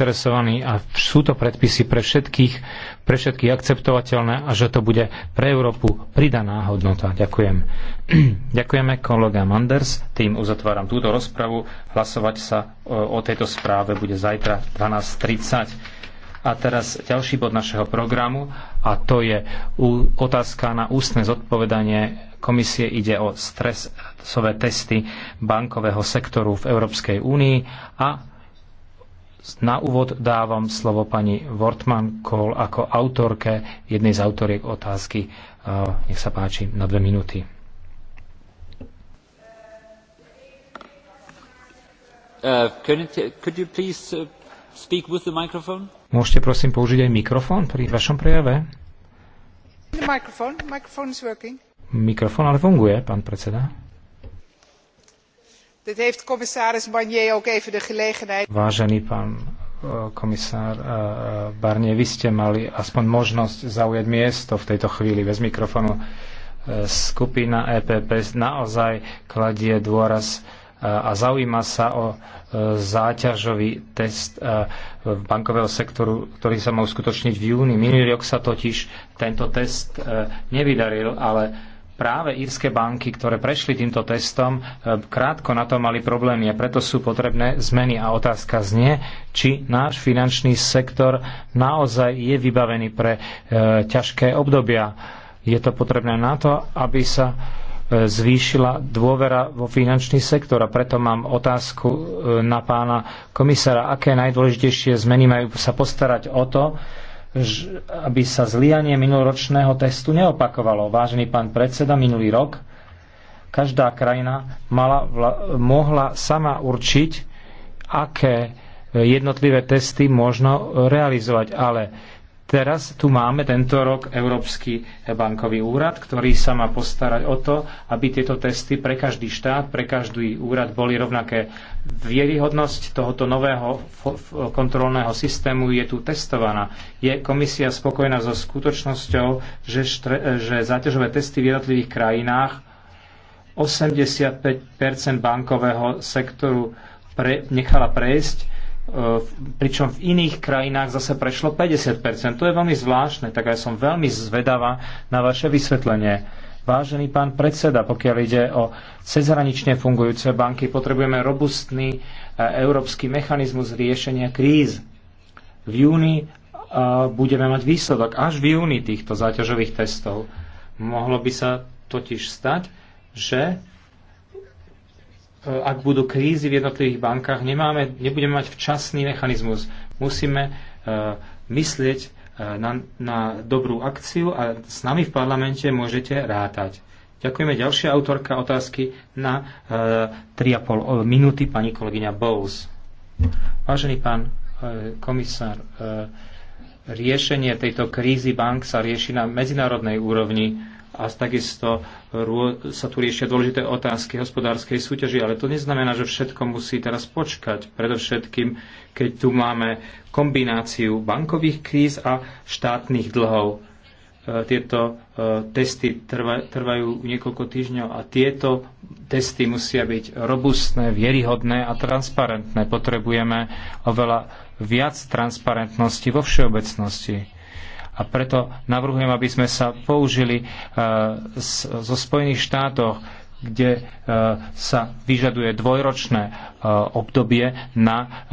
zainteresovaní a sú to predpisy pre všetkých, pre všetkých akceptovateľné a že to bude pre Európu pridaná hodnota. Ďakujem. Ďakujeme kolega Manders. Tým uzatváram túto rozpravu. Hlasovať sa e, o, tejto správe bude zajtra 12.30. A teraz ďalší bod našeho programu a to je otázka na ústne zodpovedanie komisie ide o stresové testy bankového sektoru v Európskej únii a na úvod dávam slovo pani Wortman Kohl ako autorke jednej z autoriek otázky. E, nech sa páči na dve minúty. Uh, uh, Môžete prosím použiť aj mikrofón pri vašom prejave? Mikrofón, ale funguje, pán predseda. Dit heeft commissaris Barnier ook even de gelegenheid. Vážený pán eh, komisár eh, eh, Barnier, vy ste mali aspoň možnosť zaujať miesto v tejto chvíli bez mikrofónu. Skupina EPP naozaj kladie dôraz a zaujíma sa o záťažový test bankového sektoru, ktorý sa má uskutočniť v júni. Minulý rok sa totiž tento test nevydaril, ale práve írske banky, ktoré prešli týmto testom, e, krátko na to mali problémy a preto sú potrebné zmeny. A otázka znie, či náš finančný sektor naozaj je vybavený pre e, ťažké obdobia. Je to potrebné na to, aby sa e, zvýšila dôvera vo finančný sektor. A preto mám otázku e, na pána komisára, aké najdôležitejšie zmeny majú sa postarať o to, aby sa zlianie minuloročného testu neopakovalo. Vážený pán predseda, minulý rok každá krajina mala, vla, mohla sama určiť, aké jednotlivé testy možno realizovať, ale Teraz tu máme tento rok Európsky bankový úrad, ktorý sa má postarať o to, aby tieto testy pre každý štát, pre každý úrad boli rovnaké. Vierihodnosť tohoto nového kontrolného systému je tu testovaná. Je komisia spokojná so skutočnosťou, že, štre, že záťažové testy v jednotlivých krajinách 85 bankového sektoru pre, nechala prejsť pričom v iných krajinách zase prešlo 50%. To je veľmi zvláštne, tak ja som veľmi zvedavá na vaše vysvetlenie. Vážený pán predseda, pokiaľ ide o cezhranične fungujúce banky, potrebujeme robustný e, európsky mechanizmus riešenia kríz. V júni e, budeme mať výsledok až v júni týchto záťažových testov. Mohlo by sa totiž stať, že E, ak budú krízy v jednotlivých bankách, nemáme, nebudeme mať včasný mechanizmus. Musíme e, myslieť e, na, na dobrú akciu a s nami v parlamente môžete rátať. Ďakujeme. Ďalšia autorka otázky na uh, 3,5 minúty, pani kolegyňa Bowles. Vážený pán uh, komisár, uh, riešenie tejto krízy bank sa rieši na medzinárodnej úrovni a takisto sa tu riešia dôležité otázky hospodárskej súťaži, ale to neznamená, že všetko musí teraz počkať. Predovšetkým, keď tu máme kombináciu bankových kríz a štátnych dlhov. E, tieto e, testy trvajú niekoľko týždňov a tieto testy musia byť robustné, vieryhodné a transparentné. Potrebujeme oveľa viac transparentnosti vo všeobecnosti a preto navrhujem, aby sme sa použili e, zo Spojených štátoch, kde e, sa vyžaduje dvojročné e, obdobie na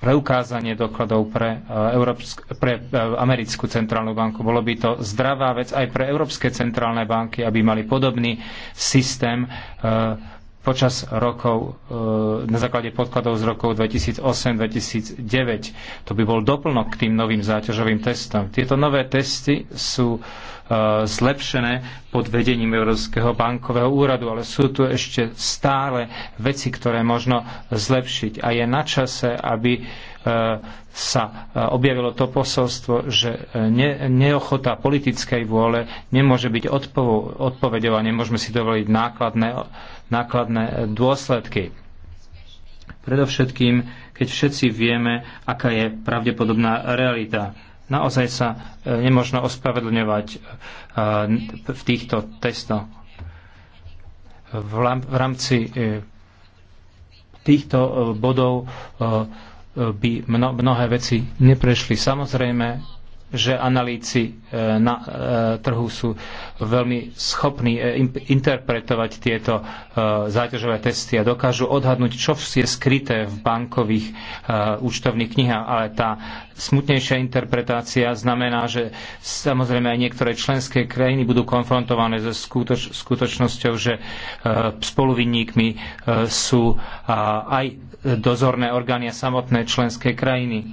preukázanie dokladov pre, Európsk- pre Americkú centrálnu banku. Bolo by to zdravá vec aj pre Európske centrálne banky, aby mali podobný systém počas rokov, e, na základe podkladov z rokov 2008-2009. To by bol doplnok k tým novým záťažovým testom. Tieto nové testy sú e, zlepšené pod vedením Európskeho bankového úradu, ale sú tu ešte stále veci, ktoré možno zlepšiť. A je na čase, aby E, sa e, objavilo to posolstvo, že e, ne, neochota politickej vôle nemôže byť odpovedou a nemôžeme si dovoliť nákladné, nákladné dôsledky. Predovšetkým, keď všetci vieme, aká je pravdepodobná realita. Naozaj sa nemôžno ospravedlňovať v týchto testoch. V rámci týchto bodov by mnohé veci neprešli. Samozrejme, že analýci e, na e, trhu sú veľmi schopní e, interpretovať tieto záťažové testy a dokážu odhadnúť, čo je skryté v bankových účtovných knihách. Ale tá smutnejšia interpretácia znamená, že samozrejme aj niektoré členské krajiny budú konfrontované so skutoč- skutočnosťou, že spoluvinníkmi sú aj dozorné orgány a samotné členské krajiny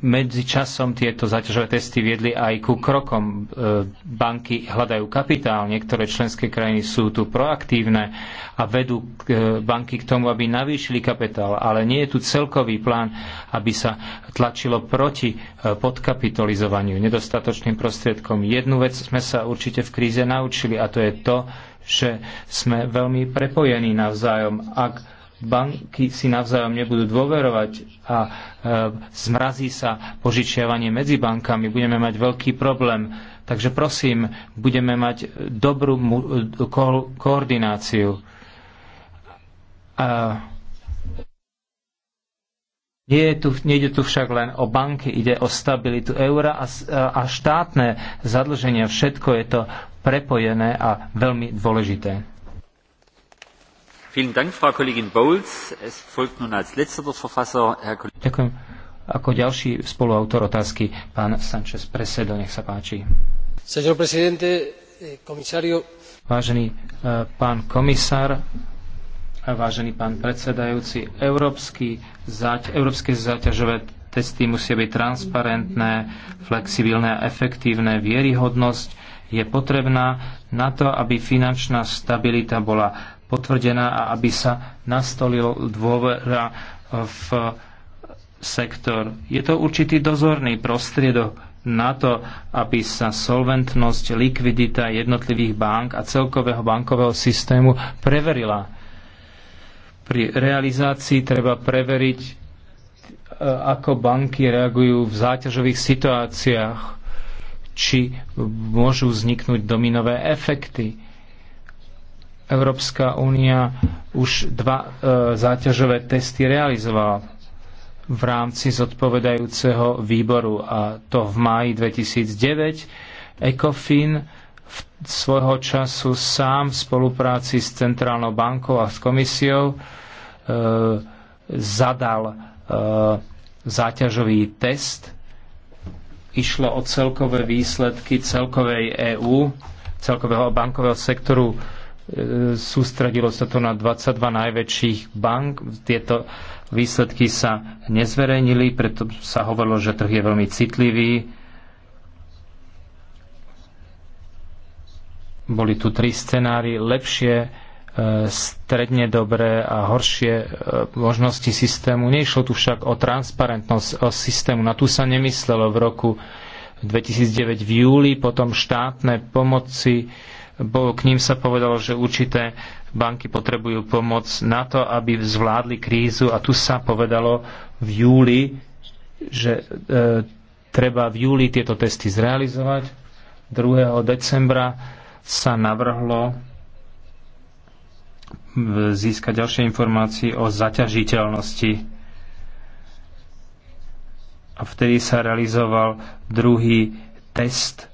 medzi časom tieto zaťažové testy viedli aj ku krokom. E, banky hľadajú kapitál, niektoré členské krajiny sú tu proaktívne a vedú e, banky k tomu, aby navýšili kapitál, ale nie je tu celkový plán, aby sa tlačilo proti e, podkapitalizovaniu, nedostatočným prostriedkom. Jednu vec sme sa určite v kríze naučili a to je to, že sme veľmi prepojení navzájom. Ak banky si navzájom nebudú dôverovať a e, zmrazí sa požičiavanie medzi bankami, budeme mať veľký problém. Takže prosím, budeme mať dobrú e, ko- koordináciu. A nie je tu, nejde tu však len o banky, ide o stabilitu eura a, e, a štátne zadlženia. Všetko je to prepojené a veľmi dôležité. Ďakujem. Ako ďalší spoluautor otázky, pán Sanchez Presedo, nech sa páči. Eh, vážený eh, pán komisár, vážený pán predsedajúci, európsky, európske záťažové testy musia byť transparentné, flexibilné a efektívne. Vieryhodnosť je potrebná na to, aby finančná stabilita bola potvrdená a aby sa nastolil dôvera v sektor. Je to určitý dozorný prostriedok na to, aby sa solventnosť, likvidita jednotlivých bank a celkového bankového systému preverila. Pri realizácii treba preveriť, e, ako banky reagujú v záťažových situáciách, či môžu vzniknúť dominové efekty Európska únia už dva e, záťažové testy realizovala v rámci zodpovedajúceho výboru a to v máji 2009 ECOFIN v svojho času sám v spolupráci s Centrálnou bankou a s komisiou e, zadal e, záťažový test. Išlo o celkové výsledky celkovej EÚ, celkového bankového sektoru E, sústredilo sa to na 22 najväčších bank. Tieto výsledky sa nezverejnili, preto sa hovorilo, že trh je veľmi citlivý. Boli tu tri scenári, lepšie, e, stredne dobré a horšie e, možnosti systému. Nešlo tu však o transparentnosť o systému. Na tu sa nemyslelo v roku 2009 v júli, potom štátne pomoci Bo k ním sa povedalo, že určité banky potrebujú pomoc na to, aby zvládli krízu a tu sa povedalo v júli, že e, treba v júli tieto testy zrealizovať. 2. decembra sa navrhlo získať ďalšie informácie o zaťažiteľnosti a vtedy sa realizoval druhý test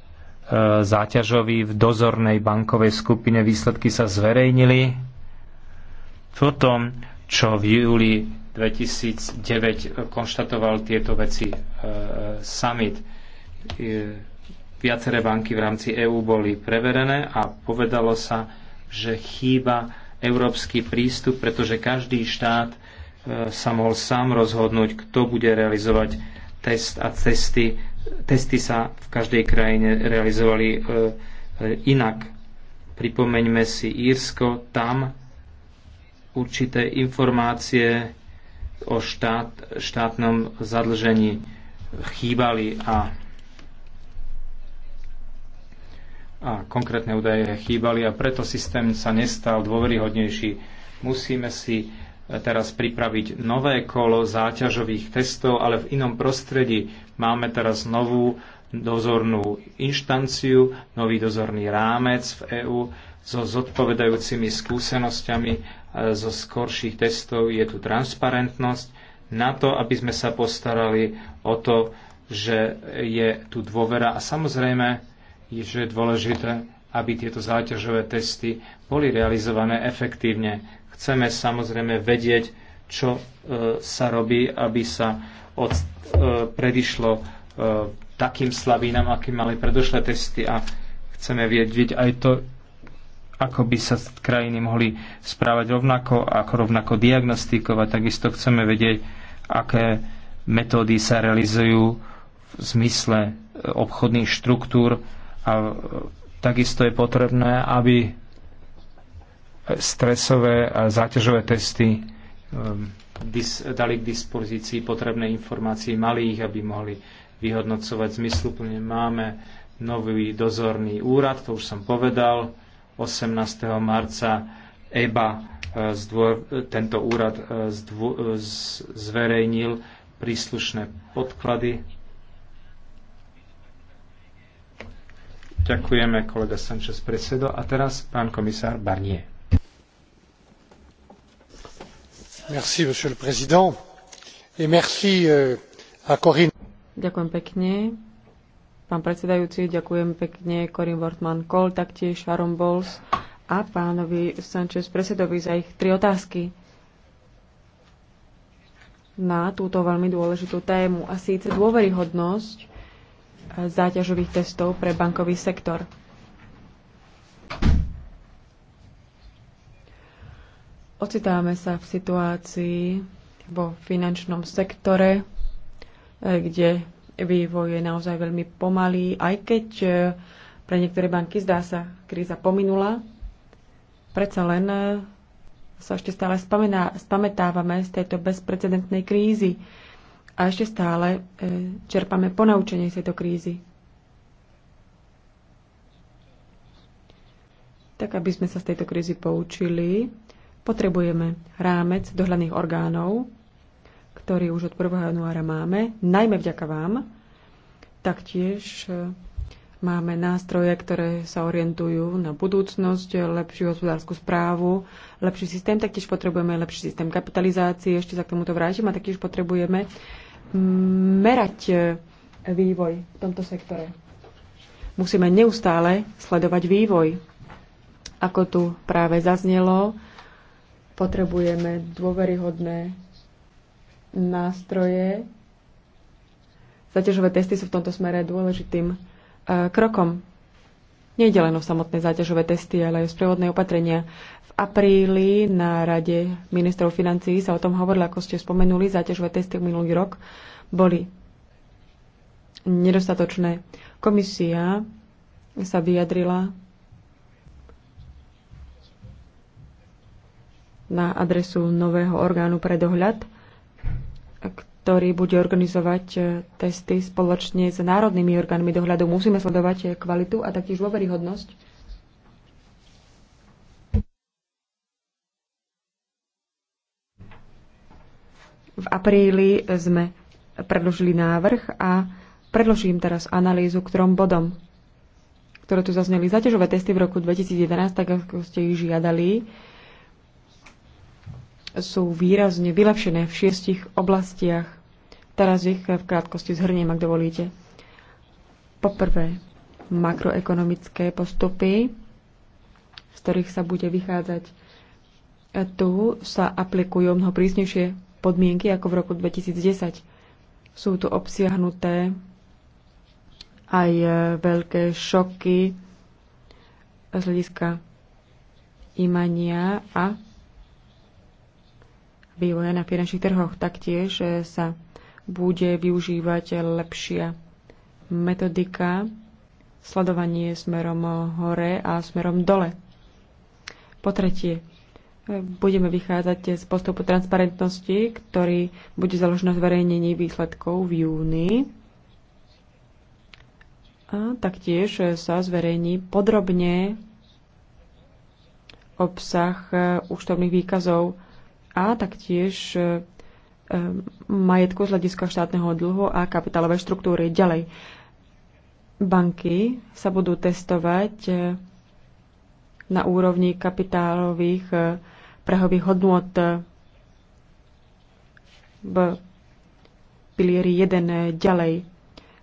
záťažový v dozornej bankovej skupine. Výsledky sa zverejnili. tom, čo v júli 2009 konštatoval tieto veci e, summit, e, viaceré banky v rámci EÚ boli preverené a povedalo sa, že chýba európsky prístup, pretože každý štát e, sa mohol sám rozhodnúť, kto bude realizovať test a cesty testy sa v každej krajine realizovali e, e, inak. Pripomeňme si Írsko, tam určité informácie o štát, štátnom zadlžení chýbali a, a konkrétne údaje chýbali a preto systém sa nestal dôveryhodnejší. Musíme si e, teraz pripraviť nové kolo záťažových testov, ale v inom prostredí Máme teraz novú dozornú inštanciu, nový dozorný rámec v EÚ so zodpovedajúcimi skúsenosťami e, zo skorších testov. Je tu transparentnosť na to, aby sme sa postarali o to, že je tu dôvera a samozrejme, že je dôležité, aby tieto záťažové testy boli realizované efektívne. Chceme samozrejme vedieť, čo e, sa robí, aby sa od, e, predišlo e, takým slabinám, aký mali predošlé testy a chceme vedieť aj to, ako by sa krajiny mohli správať rovnako, ako rovnako diagnostikovať. Takisto chceme vedieť, aké metódy sa realizujú v zmysle obchodných štruktúr a takisto je potrebné, aby stresové a záťažové testy Um, dali k dispozícii potrebné informácie malých, aby mohli vyhodnocovať zmysluplne. Máme nový dozorný úrad, to už som povedal, 18. marca EBA e, tento úrad e, zdvo, e, zverejnil príslušné podklady. Ďakujeme, kolega Sanchez presedo. A teraz pán komisár Barnier. monsieur le président et merci euh, à corinne. ďakujem pekne pán predsedajúci ďakujem pekne corinne wortmann kool taktiež sharon bowles a pánovi sanchez presedovi za ich tri otázky na túto veľmi dôležitú tému a síce dôveryhodnosť záťažových testov pre bankový sektor. Ocitáme sa v situácii vo finančnom sektore, eh, kde vývoj je naozaj veľmi pomalý, aj keď eh, pre niektoré banky zdá sa kríza pominula. Predsa len eh, sa ešte stále spamená, spametávame z tejto bezprecedentnej krízy a ešte stále čerpame ponaučenie z tejto krízy. Tak, aby sme sa z tejto krízy poučili, Potrebujeme rámec dohľadných orgánov, ktorý už od 1. januára máme, najmä vďaka vám. Taktiež e, máme nástroje, ktoré sa orientujú na budúcnosť, lepšiu hospodárskú správu, lepší systém, taktiež potrebujeme lepší systém kapitalizácie, ešte sa k tomuto vrátim, a taktiež potrebujeme merať e, vývoj v tomto sektore. Musíme neustále sledovať vývoj. Ako tu práve zaznelo, Potrebujeme dôveryhodné nástroje. Zaťažové testy sú v tomto smere dôležitým e, krokom. Nejde len o samotné záťažové testy, ale aj o sprievodné opatrenia. V apríli na Rade ministrov financií sa o tom hovorilo, ako ste spomenuli, záťažové testy minulý rok boli nedostatočné. Komisia sa vyjadrila na adresu nového orgánu pre dohľad, ktorý bude organizovať e, testy spoločne s národnými orgánmi dohľadu. Musíme sledovať e, kvalitu a taktiež dôveryhodnosť V apríli sme predložili návrh a predložím teraz analýzu ktorom bodom, ktoré tu zazneli. Zaťažové testy v roku 2011, tak ako ste ich žiadali, sú výrazne vylepšené v šiestich oblastiach. Teraz ich v krátkosti zhrniem, ak dovolíte. Poprvé, makroekonomické postupy, z ktorých sa bude vychádzať. Tu sa aplikujú mnoho prísnejšie podmienky ako v roku 2010. Sú tu obsiahnuté aj e, veľké šoky z hľadiska imania a vývoja na finančných trhoch. Taktiež e, sa bude využívať lepšia metodika, sledovanie smerom hore a smerom dole. Po tretie, e, budeme vychádzať z postupu transparentnosti, ktorý bude založený na zverejnení výsledkov v júni. A taktiež e, sa zverejní podrobne obsah účtovných výkazov a taktiež e, e, majetku z hľadiska štátneho dlhu a kapitálovej štruktúry. Ďalej, banky sa budú testovať e, na úrovni kapitálových prahových hodnot v pilieri 1 ďalej.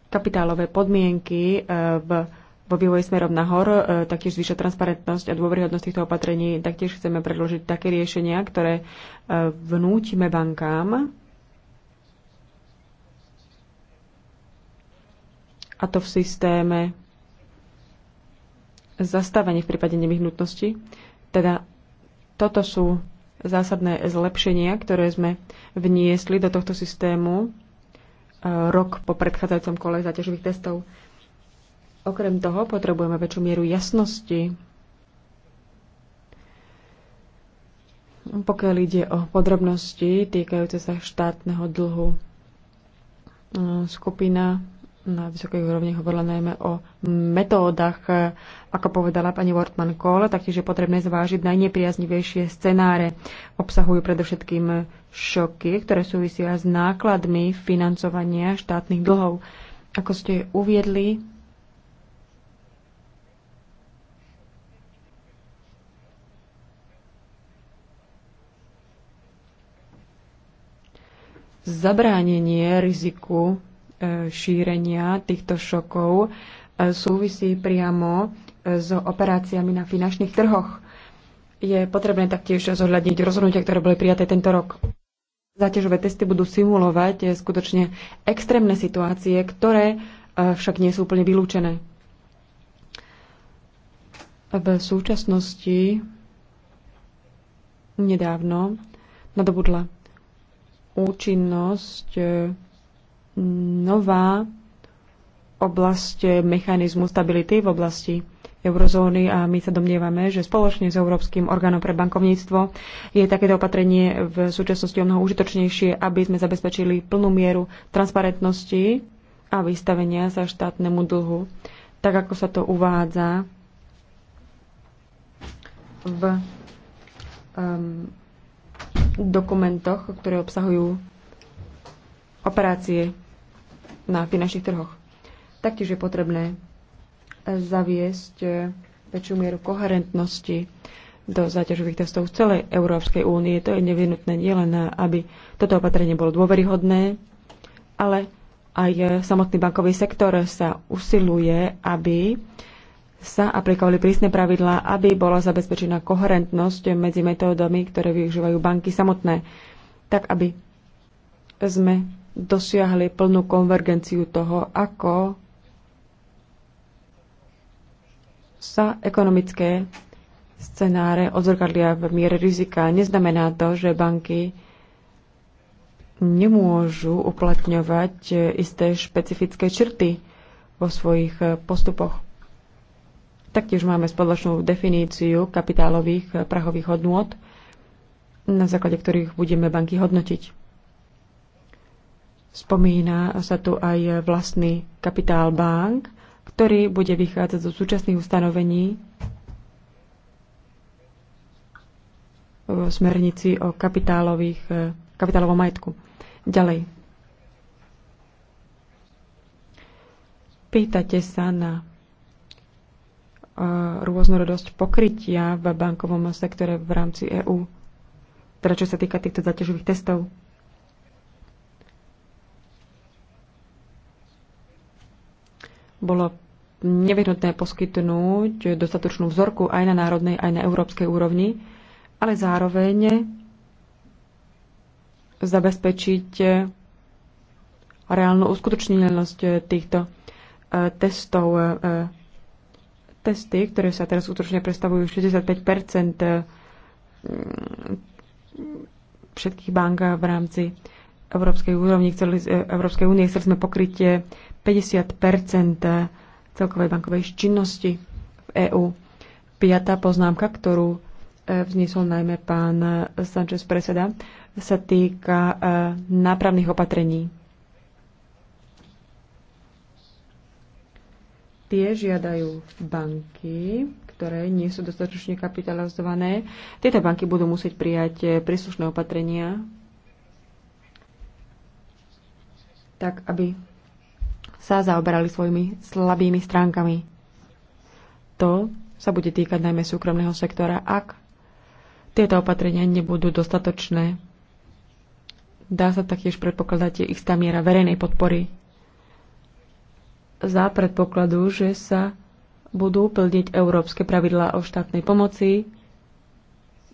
Kapitálové podmienky v vo vývoji smerom nahor, e, taktiež zvýša transparentnosť a dôveryhodnosť týchto opatrení. Taktiež chceme predložiť také riešenia, ktoré e, vnútime bankám, a to v systéme zastavenie v prípade nevyhnutnosti. Teda toto sú zásadné zlepšenia, ktoré sme vniesli do tohto systému e, rok po predchádzajúcom kole záťažových testov. Okrem toho potrebujeme väčšiu mieru jasnosti, pokiaľ ide o podrobnosti týkajúce sa štátneho dlhu. E, skupina na vysokej úrovni hovorila najmä o metódach, e, ako povedala pani Wortman Kohl, taktiež je potrebné zvážiť najnepriaznivejšie scenáre. Obsahujú predovšetkým šoky, ktoré súvisia s nákladmi financovania štátnych dlhov. Ako ste uviedli, zabránenie riziku e, šírenia týchto šokov e, súvisí priamo e, s operáciami na finančných trhoch. Je potrebné taktiež zohľadniť rozhodnutia, ktoré boli prijaté tento rok. Záťažové testy budú simulovať skutočne extrémne situácie, ktoré však nie sú úplne vylúčené. V súčasnosti nedávno nadobudla účinnosť e, nová oblasť mechanizmu stability v oblasti eurozóny a my sa domnievame, že spoločne s Európskym orgánom pre bankovníctvo je takéto opatrenie v súčasnosti o mnoho užitočnejšie, aby sme zabezpečili plnú mieru transparentnosti a vystavenia sa štátnemu dlhu, tak ako sa to uvádza v um, dokumentoch, ktoré obsahujú operácie na finančných trhoch. Taktiež je potrebné zaviesť väčšiu mieru koherentnosti do záťažových testov z celej Európskej únie. To je nevyhnutné nielen, aby toto opatrenie bolo dôveryhodné, ale aj samotný bankový sektor sa usiluje, aby sa aplikovali prísne pravidlá, aby bola zabezpečená koherentnosť medzi metódami, ktoré využívajú banky samotné, tak aby sme dosiahli plnú konvergenciu toho, ako sa ekonomické scenáre odzrkadlia v miere rizika. Neznamená to, že banky nemôžu uplatňovať isté špecifické črty vo svojich postupoch Taktiež máme spoločnú definíciu kapitálových eh, prahových hodnôt, na základe ktorých budeme banky hodnotiť. Spomína sa tu aj vlastný kapitál bank, ktorý bude vychádzať zo súčasných ustanovení v smernici o kapitálových, eh, kapitálovom majetku. Ďalej. Pýtate sa na rôznorodosť pokrytia v bankovom sektore v rámci EÚ, teda čo sa týka týchto zaťažových testov. Bolo nevyhnutné poskytnúť dostatočnú vzorku aj na národnej, aj na európskej úrovni, ale zároveň zabezpečiť reálnu uskutočniteľnosť týchto e, testov e, testy, ktoré sa teraz útočne predstavujú 65 mm, všetkých bank v rámci Európskej, úrovni, chceli, e, Európskej únie. Chceli sme pokrytie 50 celkovej bankovej činnosti v EÚ. Piatá poznámka, ktorú e, vznesol najmä pán Sanchez Preseda, sa týka e, nápravných opatrení. Tie žiadajú banky, ktoré nie sú dostatočne kapitalizované. Tieto banky budú musieť prijať eh, príslušné opatrenia, tak aby sa zaoberali svojimi slabými stránkami. To sa bude týkať najmä súkromného sektora, ak tieto opatrenia nebudú dostatočné. Dá sa taktiež predpokladať istá miera verejnej podpory za predpokladu, že sa budú plniť európske pravidlá o štátnej pomoci.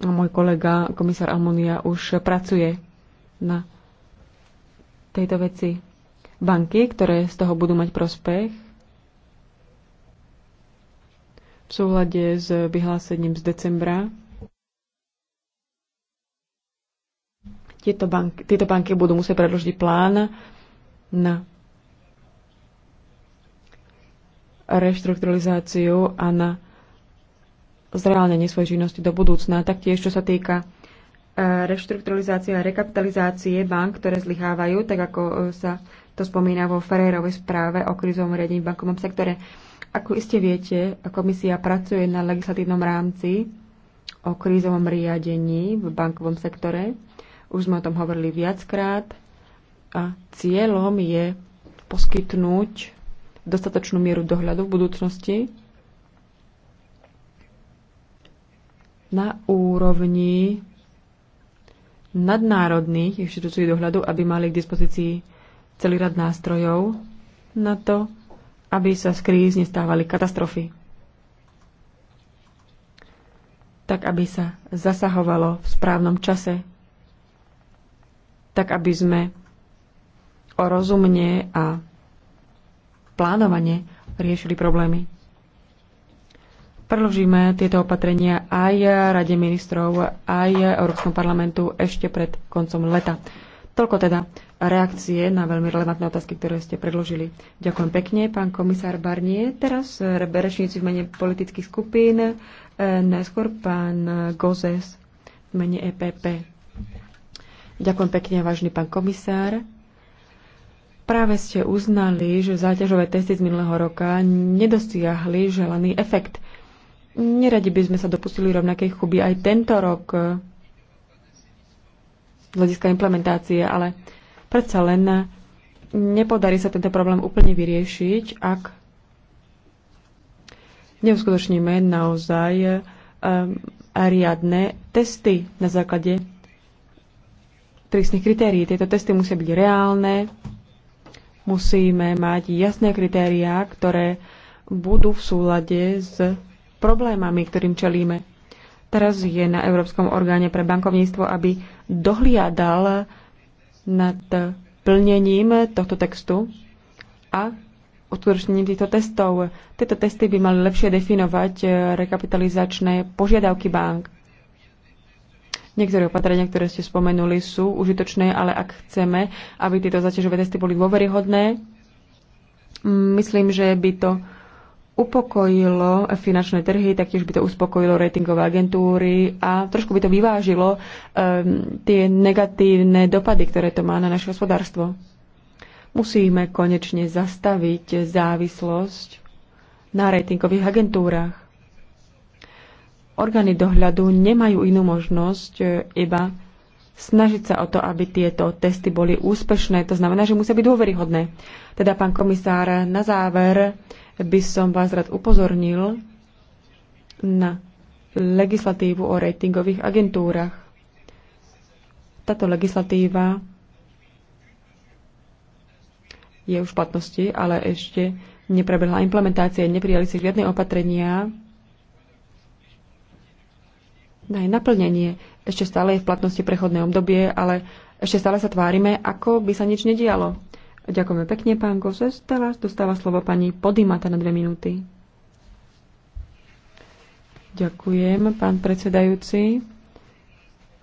A môj kolega, komisár Almunia, už pracuje na tejto veci. Banky, ktoré z toho budú mať prospech, v súhľade s vyhlásením z decembra tieto banky, tieto banky budú musieť predložiť plán na reštrukturalizáciu a na zreálnenie svojej činnosti do budúcna. Taktiež, čo sa týka e, reštrukturalizácie a rekapitalizácie bank, ktoré zlyhávajú, tak ako e, sa to spomína vo Ferrerovej správe o krizovom riadení v bankovom sektore. Ako iste viete, komisia pracuje na legislatívnom rámci o krízovom riadení v bankovom sektore. Už sme o tom hovorili viackrát a cieľom je poskytnúť dostatočnú mieru dohľadu v budúcnosti na úrovni nadnárodných inštitúcií dohľadu, aby mali k dispozícii celý rad nástrojov na to, aby sa z kríz nestávali katastrofy. Tak, aby sa zasahovalo v správnom čase. Tak, aby sme o rozumne a plánovane riešili problémy. Predložíme tieto opatrenia aj Rade ministrov, aj Európskom parlamentu ešte pred koncom leta. Toľko teda reakcie na veľmi relevantné otázky, ktoré ste predložili. Ďakujem pekne, pán komisár Barnier. Teraz eh, rečníci v mene politických skupín, eh, najskôr pán Gozes v mene EPP. Ďakujem pekne, vážny pán komisár. Práve ste uznali, že záťažové testy z minulého roka nedosiahli želaný efekt. Neradi by sme sa dopustili rovnakej chuby aj tento rok z hľadiska implementácie, ale predsa len nepodarí sa tento problém úplne vyriešiť, ak neuskutočníme naozaj um, riadne testy na základe prísnych kritérií. Tieto testy musia byť reálne, Musíme mať jasné kritériá, ktoré budú v súlade s problémami, ktorým čelíme. Teraz je na Európskom orgáne pre bankovníctvo, aby dohliadal nad plnením tohto textu a uskutočnení týchto testov. Tieto testy by mali lepšie definovať rekapitalizačné požiadavky bank. Niektoré opatrenia, ktoré ste spomenuli, sú užitočné, ale ak chceme, aby tieto zaťažové testy boli dôveryhodné, myslím, že by to upokojilo finančné trhy, taktiež by to uspokojilo ratingové agentúry a trošku by to vyvážilo um, tie negatívne dopady, ktoré to má na naše hospodárstvo. Musíme konečne zastaviť závislosť na ratingových agentúrach orgány dohľadu nemajú inú možnosť e, iba snažiť sa o to, aby tieto testy boli úspešné. To znamená, že musia byť dôveryhodné. Teda, pán komisár, na záver by som vás rád upozornil na legislatívu o ratingových agentúrach. Táto legislatíva je už v platnosti, ale ešte neprebehla implementácia, neprijali si žiadne opatrenia na jej naplnenie. Ešte stále je v platnosti prechodné obdobie, ale ešte stále sa tvárime, ako by sa nič nedialo. Ďakujeme pekne, pán Gozes. Teraz dostáva slovo pani Podimata na dve minúty. Ďakujem, pán predsedajúci.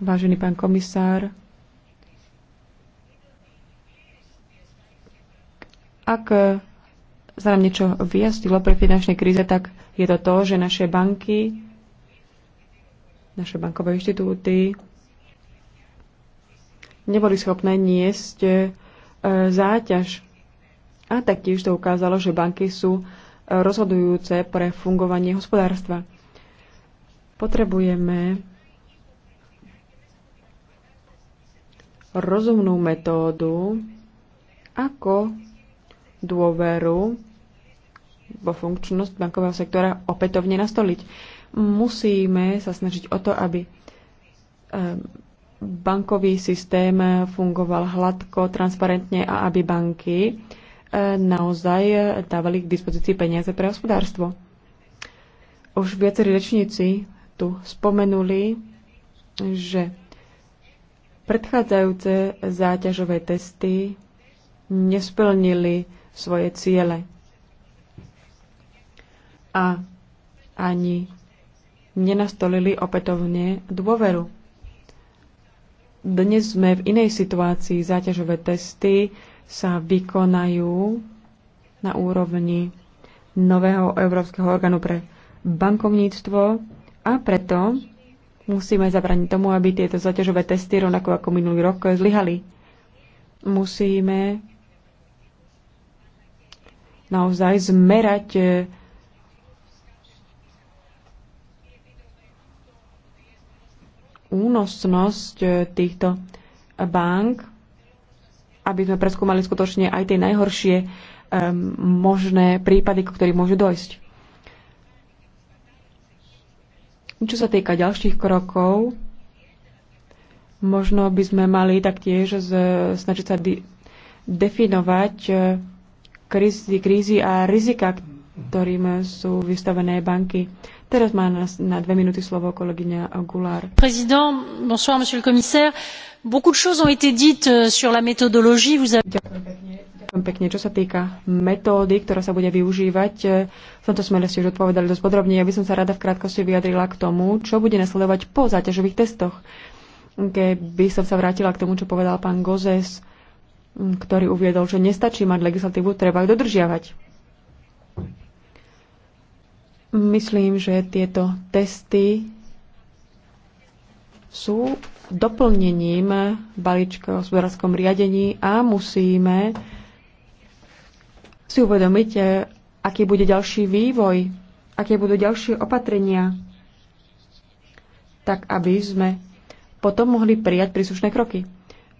Vážený pán komisár, ak sa nám niečo vyjastilo pre finančnej kríze, tak je to to, že naše banky naše bankové inštitúty neboli schopné niesť e, záťaž. A taktiež to ukázalo, že banky sú e, rozhodujúce pre fungovanie hospodárstva. Potrebujeme rozumnú metódu, ako dôveru vo funkčnosť bankového sektora opätovne nastoliť. Musíme sa snažiť o to, aby ehm, bankový systém fungoval hladko, transparentne a aby banky ehm, naozaj dávali k dispozícii peniaze pre hospodárstvo. Už viacerí rečníci tu spomenuli, že predchádzajúce záťažové testy nesplnili svoje ciele. A ani nenastolili opätovne dôveru. Dnes sme v inej situácii. Záťažové testy sa vykonajú na úrovni nového Európskeho orgánu pre bankovníctvo a preto musíme zabraniť tomu, aby tieto záťažové testy, rovnako ako minulý rok, zlyhali. Musíme naozaj zmerať eh, prínosnosť e, týchto bank, aby sme preskúmali skutočne aj tie najhoršie e, možné prípady, ktorý môžu dojsť. Čo sa týka ďalších krokov, možno by sme mali taktiež snažiť sa definovať e, krízy, krízy a rizika, ktorým sú vystavené banky. Teraz má na dve minúty slovo kolegyňa Goulard. Président, bonsoir, monsieur le commissaire. Beaucoup de choses ont été dites euh, sur la méthodologie. Vous avez... Ďakujem pekne. Ďakujem pekne. Čo sa týka metódy, ktorá sa bude využívať, e, v tomto smere ste už odpovedali dosť podrobne. Ja by som sa rada v krátkosti vyjadrila k tomu, čo bude nasledovať po záťažových testoch. Keby som sa vrátila k tomu, čo povedal pán Gozes, ktorý uviedol, že nestačí mať legislatívu, treba ju dodržiavať. Myslím, že tieto testy sú doplnením balíčka o hospodárskom riadení a musíme si uvedomiť, aký bude ďalší vývoj, aké budú ďalšie opatrenia, tak aby sme potom mohli prijať príslušné kroky.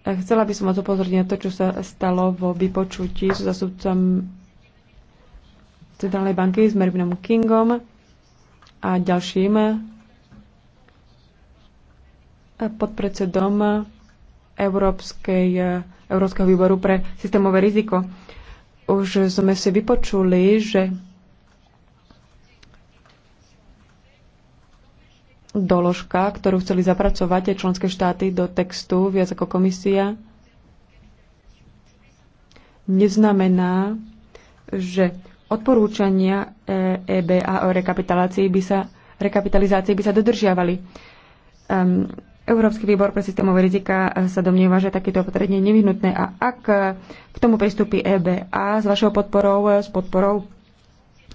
Chcela by som vás upozorniť na to, čo sa stalo vo vypočutí s so zastupcom Centrálnej banky s Mervinom Kingom a ďalším podpredsedom Európskej, Európskeho výboru pre systémové riziko. Už sme si vypočuli, že doložka, ktorú chceli zapracovať aj členské štáty do textu viac ako komisia, neznamená, že odporúčania EBA e o rekapitalizácii by sa, rekapitalizácii by sa dodržiavali. Um, Európsky výbor pre systémové rizika eh, sa domnieva, že takéto opatrenie je nevyhnutné a ak eh, k tomu pristúpi EBA s vašou podporou, eh, s podporou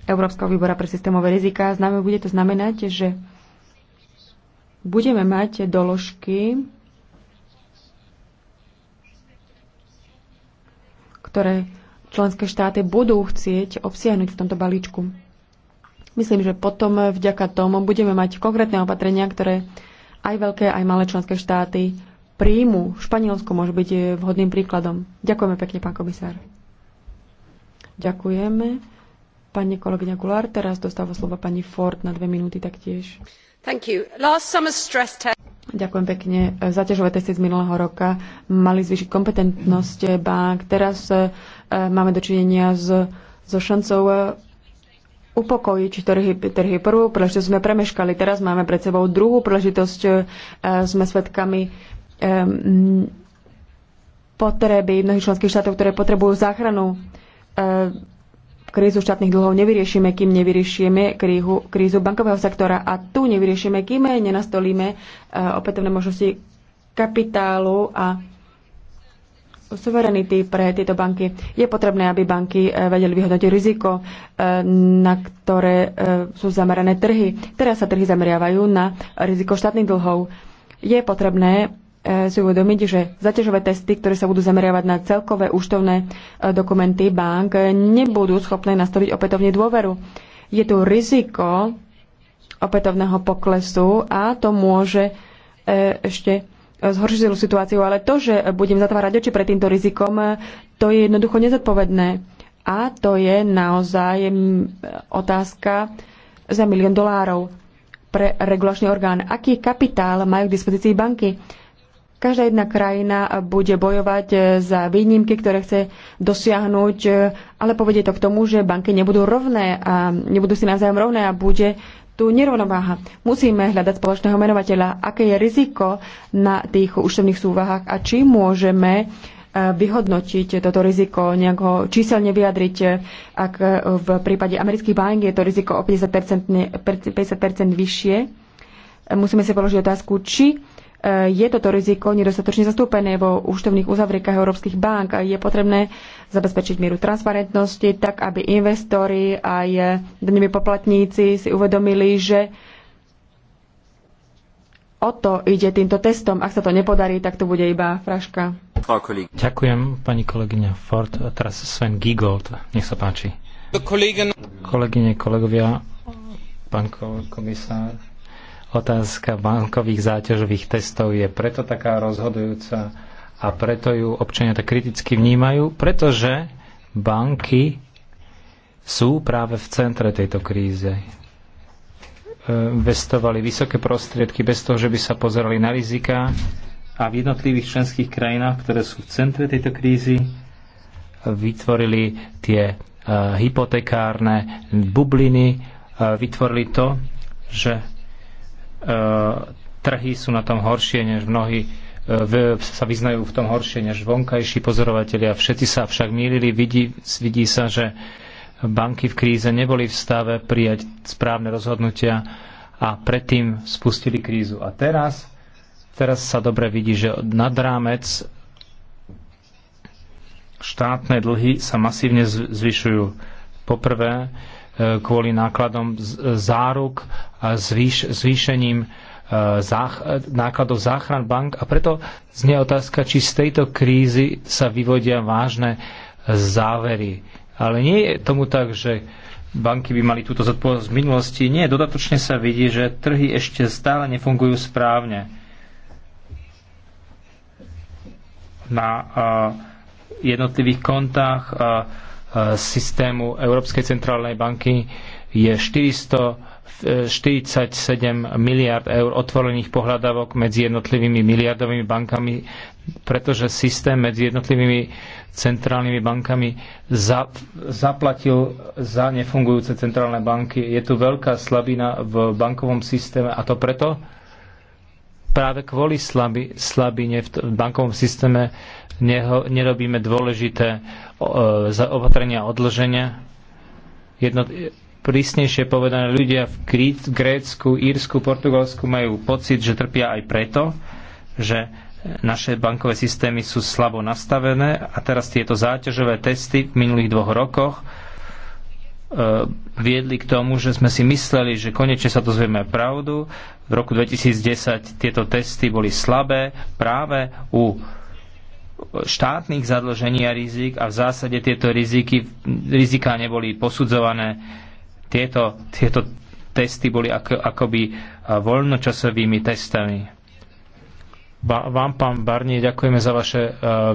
Európskeho výbora pre systémové rizika, známe, bude to znamenať, že budeme mať doložky, ktoré členské štáty budú chcieť obsiahnuť v tomto balíčku. Myslím, že potom vďaka tomu budeme mať konkrétne opatrenia, ktoré aj veľké, aj malé členské štáty príjmu. Španielsko môže byť eh, vhodným príkladom. Ďakujeme pekne, pán komisár. Ďakujeme. Pani kolegyňa Kulár, teraz dostáva slovo pani Ford na dve minúty taktiež. Thank you. Last summer's stress test... Ďakujem pekne. Zaťažové testy z minulého roka mali zvýšiť kompetentnosť bank. Teraz e, máme dočinenia s, so šancou e, upokojiť trhy, trhy. Prvú príležitosť sme premeškali, teraz máme pred sebou druhú príležitosť. E, sme svedkami potreby mnohých členských štátov, ktoré potrebujú záchranu krízu štátnych dlhov nevyriešime, kým nevyriešime krízu, krízu bankového sektora a tu nevyriešime, kým nenastolíme e, opätovné možnosti kapitálu a suverenity pre tieto banky. Je potrebné, aby banky e, vedeli vyhodnotiť riziko, e, na ktoré sú zamerané trhy. Teraz sa trhy zameriavajú na riziko štátnych dlhov. Je potrebné Eh, si uvedomiť, že zaťažové testy, ktoré sa budú zameriavať na celkové účtovné eh, dokumenty bank, nebudú schopné nastaviť opätovne dôveru. Je tu riziko opätovného poklesu a to môže eh, ešte zhoršiť celú situáciu, ale to, že budem zatvárať oči pred týmto rizikom, to je jednoducho nezodpovedné. A to je naozaj mm, otázka za milión dolárov pre regulačný orgán. Aký kapitál majú k dispozícii banky? Každá jedna krajina bude bojovať eh, za výnimky, ktoré chce dosiahnuť, eh, ale povedie to k tomu, že banky nebudú rovné a nebudú si navzájom rovné a bude tu nerovnováha. Musíme hľadať spoločného menovateľa, aké je riziko na tých účtovných súvahách a či môžeme eh, vyhodnotiť toto riziko, nejak ho číselne vyjadriť, ak v prípade amerických bank je to riziko o 50%, 50% vyššie. Musíme si položiť otázku, či je toto riziko nedostatočne zastúpené vo účtovných uzavriekach európskych bank. a Je potrebné zabezpečiť mieru transparentnosti, tak aby investori aj daňoví poplatníci si uvedomili, že o to ide týmto testom. Ak sa to nepodarí, tak to bude iba fraška. Ďakujem, pani kolegyňa Ford. A teraz Sven Giegold. Nech sa páči. Kolegyne, kolegovia, pán komisár, Otázka bankových záťažových testov je preto taká rozhodujúca a preto ju občania tak kriticky vnímajú, pretože banky sú práve v centre tejto kríze. E, investovali vysoké prostriedky bez toho, že by sa pozerali na rizika a v jednotlivých členských krajinách, ktoré sú v centre tejto krízy, vytvorili tie e, hypotekárne bubliny, e, vytvorili to, že E, trhy sú na tom horšie, než mnohí e, v, sa vyznajú v tom horšie než vonkajší pozorovatelia. Všetci sa však mýlili, vidí, vidí sa, že banky v kríze neboli v stave prijať správne rozhodnutia a predtým spustili krízu. A teraz, teraz sa dobre vidí, že nad rámec štátne dlhy sa masívne zvyšujú. Poprvé, kvôli nákladom záruk a zvýš, zvýšením e, zách, nákladov záchran bank a preto znie otázka, či z tejto krízy sa vyvodia vážne závery. Ale nie je tomu tak, že banky by mali túto zodpovednosť v minulosti. Nie, dodatočne sa vidí, že trhy ešte stále nefungujú správne. Na uh, jednotlivých kontách uh, systému Európskej centrálnej banky je 47 miliard eur otvorených pohľadávok medzi jednotlivými miliardovými bankami, pretože systém medzi jednotlivými centrálnymi bankami za, zaplatil za nefungujúce centrálne banky. Je tu veľká slabina v bankovom systéme a to preto, práve kvôli slabi, slabine v bankovom systéme neho, nerobíme dôležité e, opatrenia odlženia. Jedno, e, prísnejšie povedané, ľudia v Grécku, Írsku, Portugalsku majú pocit, že trpia aj preto, že naše bankové systémy sú slabo nastavené a teraz tieto záťažové testy v minulých dvoch rokoch e, viedli k tomu, že sme si mysleli, že konečne sa dozvieme pravdu. V roku 2010 tieto testy boli slabé práve u štátnych zadlžení a rizik a v zásade tieto riziky, rizika neboli posudzované. Tieto, tieto testy boli ako, akoby eh, voľnočasovými testami. Ba, vám, pán Barnier, ďakujeme za vaše uh,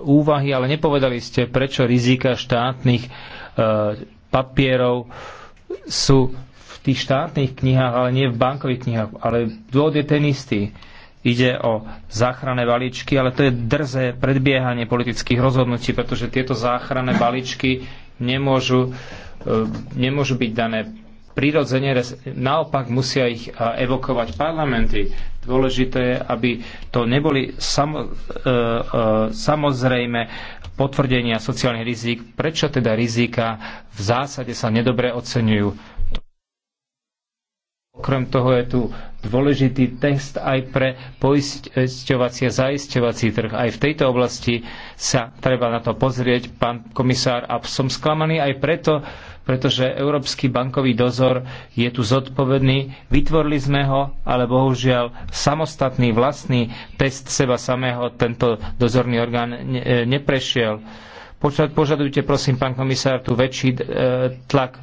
úvahy, ale nepovedali ste, prečo rizika štátnych uh, papierov sú v tých štátnych knihách, ale nie v bankových knihách. Ale dôvod je ten istý. Uh, ide o záchranné balíčky, ale to je drzé predbiehanie politických rozhodnutí, pretože tieto záchranné balíčky nemôžu, e, nemôžu byť dané prirodzene, naopak musia ich e, evokovať parlamenty. Dôležité je, aby to neboli samo, e, samozrejme potvrdenia sociálnych rizík. Prečo teda rizika v zásade sa nedobre oceňujú? Okrem toho je tu dôležitý test aj pre poisťovací a zaisťovací trh. Aj v tejto oblasti sa treba na to pozrieť, pán komisár, a som sklamaný aj preto, pretože Európsky bankový dozor je tu zodpovedný. Vytvorili sme ho, ale bohužiaľ samostatný vlastný test seba samého tento dozorný orgán neprešiel. Požadujte, prosím, pán komisár, tu väčší e, tlak. E,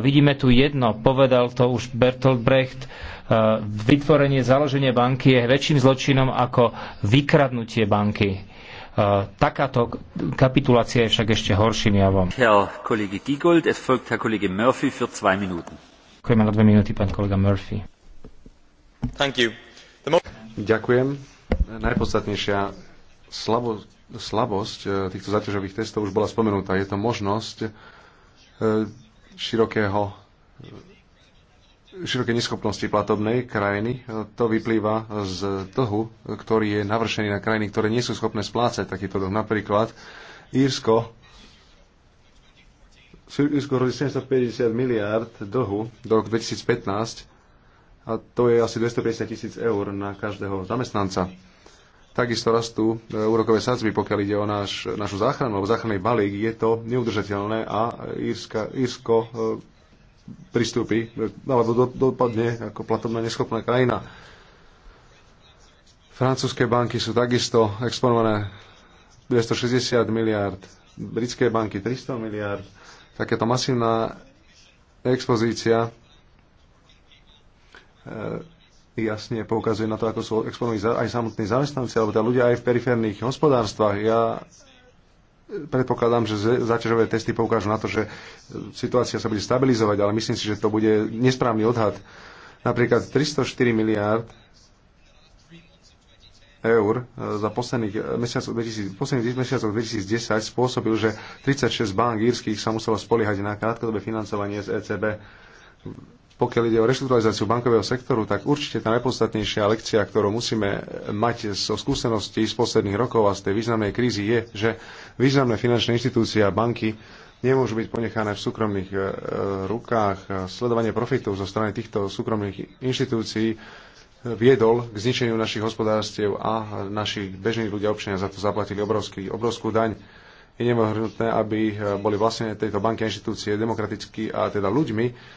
vidíme tu jedno, povedal to už Bertolt Brecht, E, vytvorenie, založenie banky je väčším zločinom ako vykradnutie banky. E, takáto kapitulácia je však ešte horším javom. Ďakujem na dve minúty, pán kolega Murphy. Ďakujem. Najpodstatnejšia slabo, slabosť e, týchto zaťažových testov už bola spomenutá. Je to možnosť širokého širokej neschopnosti platobnej krajiny. To vyplýva z dlhu, ktorý je navršený na krajiny, ktoré nie sú schopné splácať takýto dlh. Napríklad Írsko Írsko hrozí 750 miliárd dlhu do roku 2015 a to je asi 250 tisíc eur na každého zamestnanca. Takisto rastú e, úrokové sadzby, pokiaľ ide o náš, našu záchranu, alebo záchranný balík. Je to neudržateľné a Írska, Írsko e, pristúpi, alebo dopadne ako platobná neschopná krajina. Francúzske banky sú takisto exponované 260 miliárd, britské banky 300 miliárd. Takéto masívna expozícia eh, jasne poukazuje na to, ako sú exponovaní aj samotní zamestnanci, alebo tá ľudia aj v periférnych hospodárstvách. Ja predpokladám, že záťažové testy poukážu na to, že e, situácia sa bude stabilizovať, ale myslím si, že to bude nesprávny odhad. Napríklad 304 miliárd eur e, za posledných e, mesiacov, 2000, posledných mesiacov 2010 spôsobil, že 36 bank írskych sa muselo spoliehať na krátkodobé financovanie z ECB pokiaľ ide o reštrukturalizáciu bankového sektoru, tak určite tá najpodstatnejšia lekcia, ktorú musíme mať zo skúseností z posledných rokov a z tej významnej krízy je, že významné finančné inštitúcie a banky nemôžu byť ponechané v súkromných e, rukách. Sledovanie profitov zo strany týchto súkromných inštitúcií e, viedol k zničeniu našich hospodárstiev a naši bežní ľudia občania za to zaplatili obrovský, obrovskú daň. Je nemohnutné, aby e, boli vlastne tejto banky a inštitúcie demokraticky a teda ľuďmi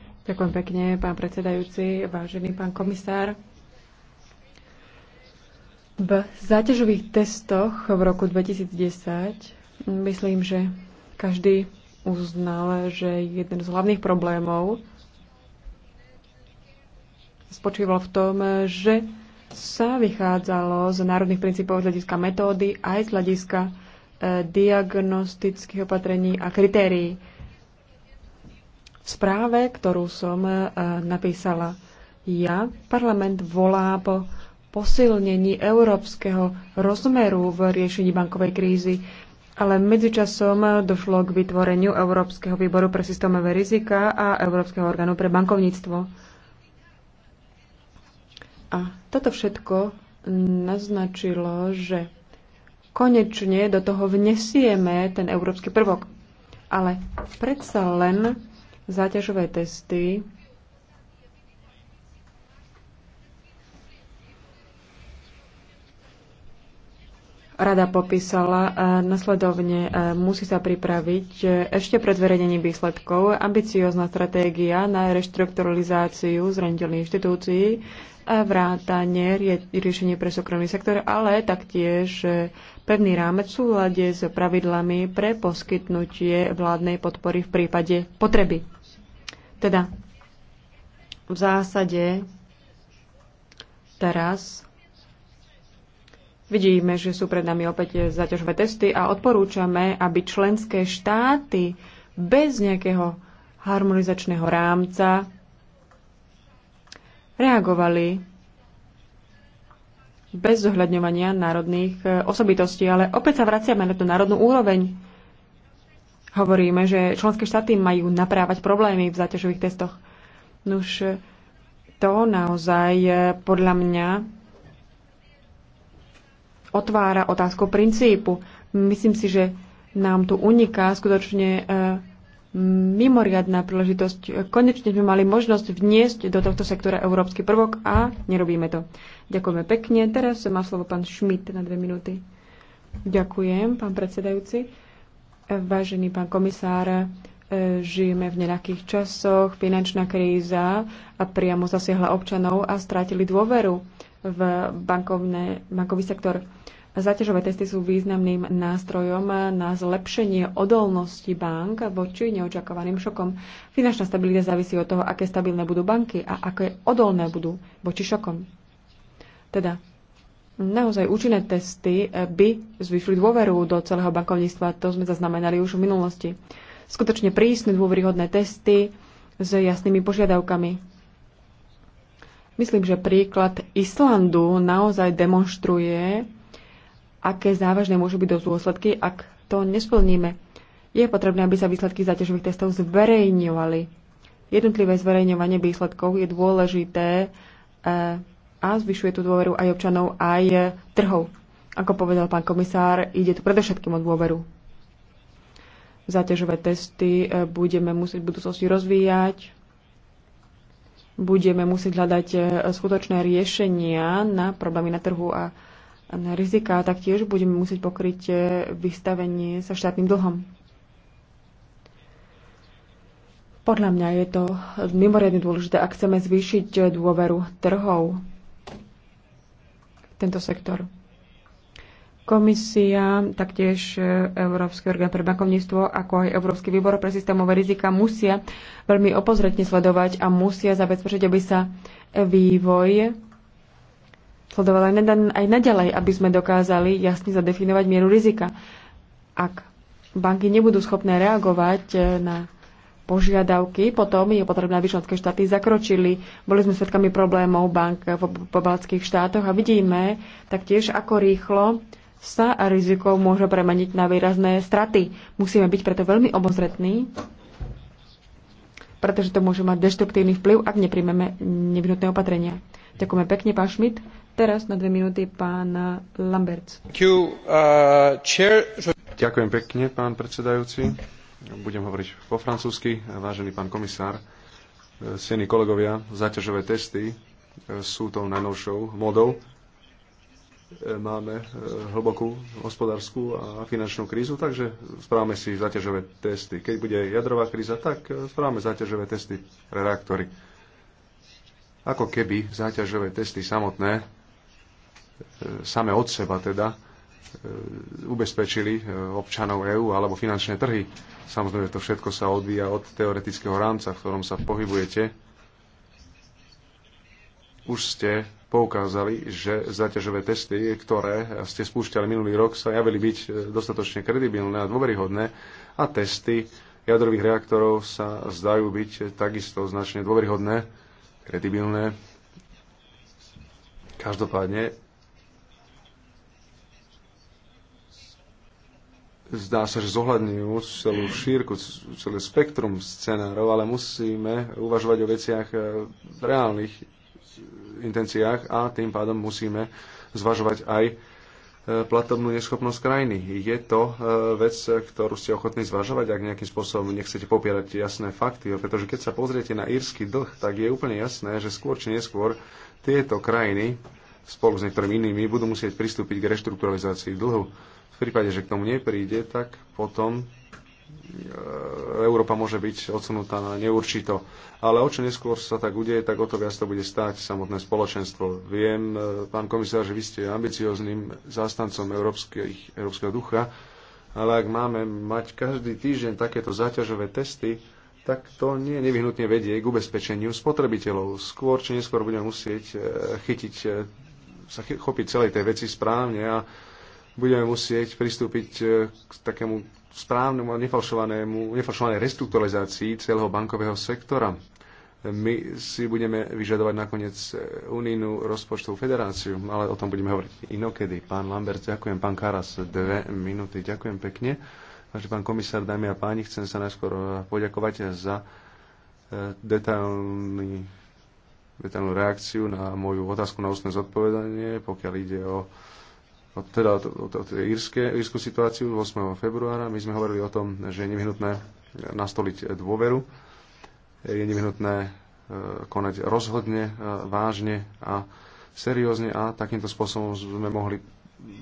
Ďakujem pekne, pán predsedajúci, vážený pán komisár. V záťažových testoch v roku 2010 myslím, že každý uznal, že jeden z hlavných problémov spočíval v tom, že sa vychádzalo z národných princípov z hľadiska metódy aj z hľadiska eh, diagnostických opatrení a kritérií. V správe, ktorú som e, napísala ja, parlament volá po posilnení európskeho rozmeru v riešení bankovej krízy, ale medzičasom došlo k vytvoreniu Európskeho výboru pre systémové rizika a Európskeho orgánu pre bankovníctvo. A toto všetko naznačilo, že konečne do toho vnesieme ten európsky prvok. Ale predsa len záťažové testy rada popísala e, nasledovne e, musí sa pripraviť e, ešte pred zverejnením výsledkov ambiciózna stratégia na reštrukturalizáciu zraniteľných inštitúcií, vrátanie riešenie pre súkromný sektor, ale taktiež pevný rámec v súlade s pravidlami pre poskytnutie vládnej podpory v prípade potreby. Teda v zásade teraz vidíme, že sú pred nami opäť zaťažové testy a odporúčame, aby členské štáty bez nejakého harmonizačného rámca reagovali bez zohľadňovania národných eh, osobitostí. Ale opäť sa vraciame na tú národnú úroveň hovoríme, že členské štáty majú naprávať problémy v záťažových testoch. Nuž to naozaj eh, podľa mňa otvára otázku princípu. Myslím si, že nám tu uniká skutočne eh, mimoriadná príležitosť. Konečne sme mali možnosť vniesť do tohto sektora európsky prvok a nerobíme to. Ďakujeme pekne. Teraz má slovo pán Šmit na dve minúty. Ďakujem, pán predsedajúci. Vážený pán komisár, e, žijeme v nejakých časoch, finančná kríza a priamo zasiahla občanov a strátili dôveru v bankovné, bankový sektor. Záťažové testy sú významným nástrojom na zlepšenie odolnosti bank voči neočakávaným šokom. Finančná stabilita závisí od toho, aké stabilné budú banky a aké odolné budú voči šokom. Teda naozaj účinné testy eh, by zvýšili dôveru do celého bankovníctva. To sme zaznamenali už v minulosti. Skutočne prísne dôveryhodné testy s jasnými požiadavkami. Myslím, že príklad Islandu naozaj demonstruje, aké závažné môžu byť dosť dôsledky, ak to nesplníme. Je potrebné, aby sa výsledky záťažových testov zverejňovali. Jednotlivé zverejňovanie výsledkov je dôležité eh, a zvyšuje tú dôveru aj občanov, aj e, trhov. Ako povedal pán komisár, ide tu predovšetkým o dôveru. Záťažové testy e, budeme musieť v budúcnosti rozvíjať, budeme musieť hľadať e, skutočné riešenia na problémy na trhu a na rizika, taktiež budeme musieť pokryť vystavenie sa štátnym dlhom. Podľa mňa je to mimoriadne dôležité, ak chceme zvýšiť dôveru trhov tento sektor. Komisia, taktiež e, Európsky orgán pre bankovníctvo, ako aj Európsky výbor pre systémové rizika musia veľmi opozretne sledovať a musia zabezpečiť, aby sa vývoj sledoval aj, aj naďalej, aby sme dokázali jasne zadefinovať mieru rizika. Ak banky nebudú schopné reagovať e, na požiadavky. Potom je potrebné, aby členské štáty zakročili. Boli sme svetkami problémov bank v pobaltských štátoch a vidíme taktiež, ako rýchlo sa riziko môže premeniť na výrazné straty. Musíme byť preto veľmi obozretní, pretože to môže mať deštruktívny vplyv, ak nepríjmeme nevyhnutné opatrenia. Ďakujeme pekne, pán Schmidt. Teraz na dve minúty pán Lamberts. Uh, Ďakujem pekne, pán predsedajúci. Budem hovoriť po francúzsky. Vážený pán komisár, e, silní kolegovia, záťažové testy e, sú tou najnovšou modou. E, máme hlbokú hospodárskú a finančnú krízu, takže správame si záťažové testy. Keď bude jadrová kríza, tak správame záťažové testy pre reaktory. Ako keby záťažové testy samotné, same od seba teda, E, ubezpečili e, občanov EÚ alebo finančné trhy. Samozrejme, to všetko sa odvíja od teoretického rámca, v ktorom sa pohybujete. Už ste poukázali, že zaťažové testy, ktoré ste spúšťali minulý rok, sa javili byť e, dostatočne kredibilné a dôveryhodné a testy jadrových reaktorov sa zdajú byť takisto značne dôveryhodné, kredibilné. Každopádne zdá sa, že zohľadňujú celú šírku, celé spektrum scenárov, ale musíme uvažovať o veciach e, v reálnych intenciách a tým pádom musíme zvažovať aj e, platobnú neschopnosť krajiny. Je to e, vec, ktorú ste ochotní zvažovať, ak nejakým spôsobom nechcete popierať jasné fakty, pretože keď sa pozriete na írsky dlh, tak je úplne jasné, že skôr či neskôr tieto krajiny spolu s niektorými inými budú musieť pristúpiť k reštrukturalizácii dlhu prípade, že k tomu nepríde, tak potom e, Európa môže byť odsunutá na neurčito. Ale o čo neskôr sa tak udeje, tak o to viac to bude stáť samotné spoločenstvo. Viem, e, pán komisár, že vy ste ambiciozným zástancom európskeho ducha, ale ak máme mať každý týždeň takéto záťažové testy, tak to nie nevyhnutne vedie k ubezpečeniu spotrebiteľov. Skôr či neskôr budeme musieť e, chytiť, sa chopiť celej tej veci správne a budeme musieť pristúpiť e, k takému správnemu a nefalšovanému, nefalšovanej restrukturalizácii celého bankového sektora. My si budeme vyžadovať nakoniec e, unijnú rozpočtovú federáciu, ale o tom budeme hovoriť inokedy. Pán Lambert, ďakujem. Pán Karas, dve minúty. Ďakujem pekne. Takže pán komisár, dámy a páni, chcem sa najskôr e, poďakovať za detailný, detailnú reakciu na moju otázku na ústne zodpovedanie, pokiaľ ide o teda írsku situáciu 8. februára. My sme hovorili o tom, že je nevyhnutné nastoliť dôveru, je nevyhnutné e, konať rozhodne, e, vážne a seriózne a takýmto spôsobom sme mohli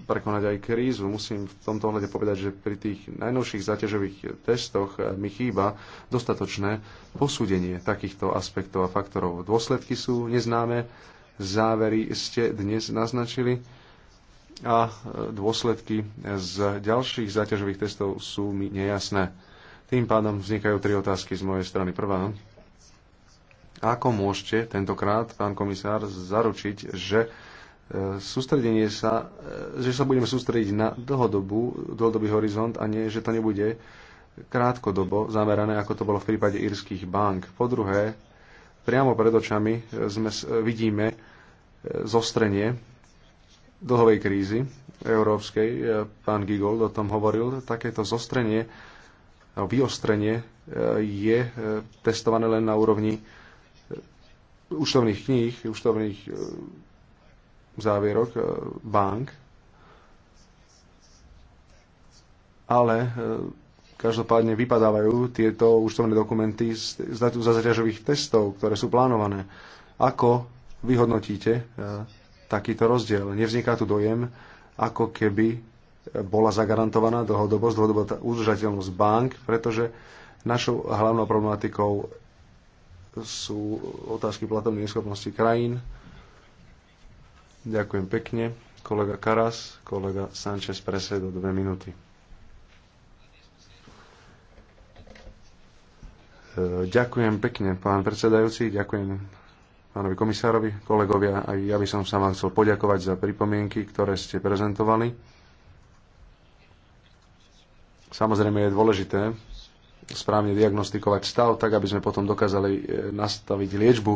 prekonať aj krízu. Musím v tomto ohľade povedať, že pri tých najnovších zaťažových testoch mi chýba dostatočné posúdenie takýchto aspektov a faktorov. Dôsledky sú neznáme, závery ste dnes naznačili a e, dôsledky z ďalších záťažových testov sú mi nejasné. Tým pádom vznikajú tri otázky z mojej strany. Prvá, ako môžete tentokrát, pán komisár, zaručiť, že e, sústredenie sa, e, že sa budeme sústrediť na dlhodobú, dlhodobý horizont a nie, že to nebude krátkodobo zamerané, ako to bolo v prípade írskych bank. Po druhé, priamo pred očami sme, vidíme zostrenie dlhovej krízy európskej, pán Gigol o tom hovoril, takéto zostrenie, vyostrenie je testované len na úrovni účtovných kníh, účtovných závierok bank. Ale každopádne vypadávajú tieto účtovné dokumenty z zaťažových testov, ktoré sú plánované. Ako vyhodnotíte takýto rozdiel. Nevzniká tu dojem, ako keby bola zagarantovaná dlhodobosť, dlhodobá udržateľnosť bank, pretože našou hlavnou problematikou sú otázky platobnej neschopnosti krajín. Ďakujem pekne. Kolega Karas, kolega Sanchez Presedo, dve minúty. Ďakujem pekne, pán predsedajúci, ďakujem pánovi komisárovi, kolegovia, aj ja by som sa vám chcel poďakovať za pripomienky, ktoré ste prezentovali. Samozrejme je dôležité správne diagnostikovať stav, tak aby sme potom dokázali e, nastaviť liečbu.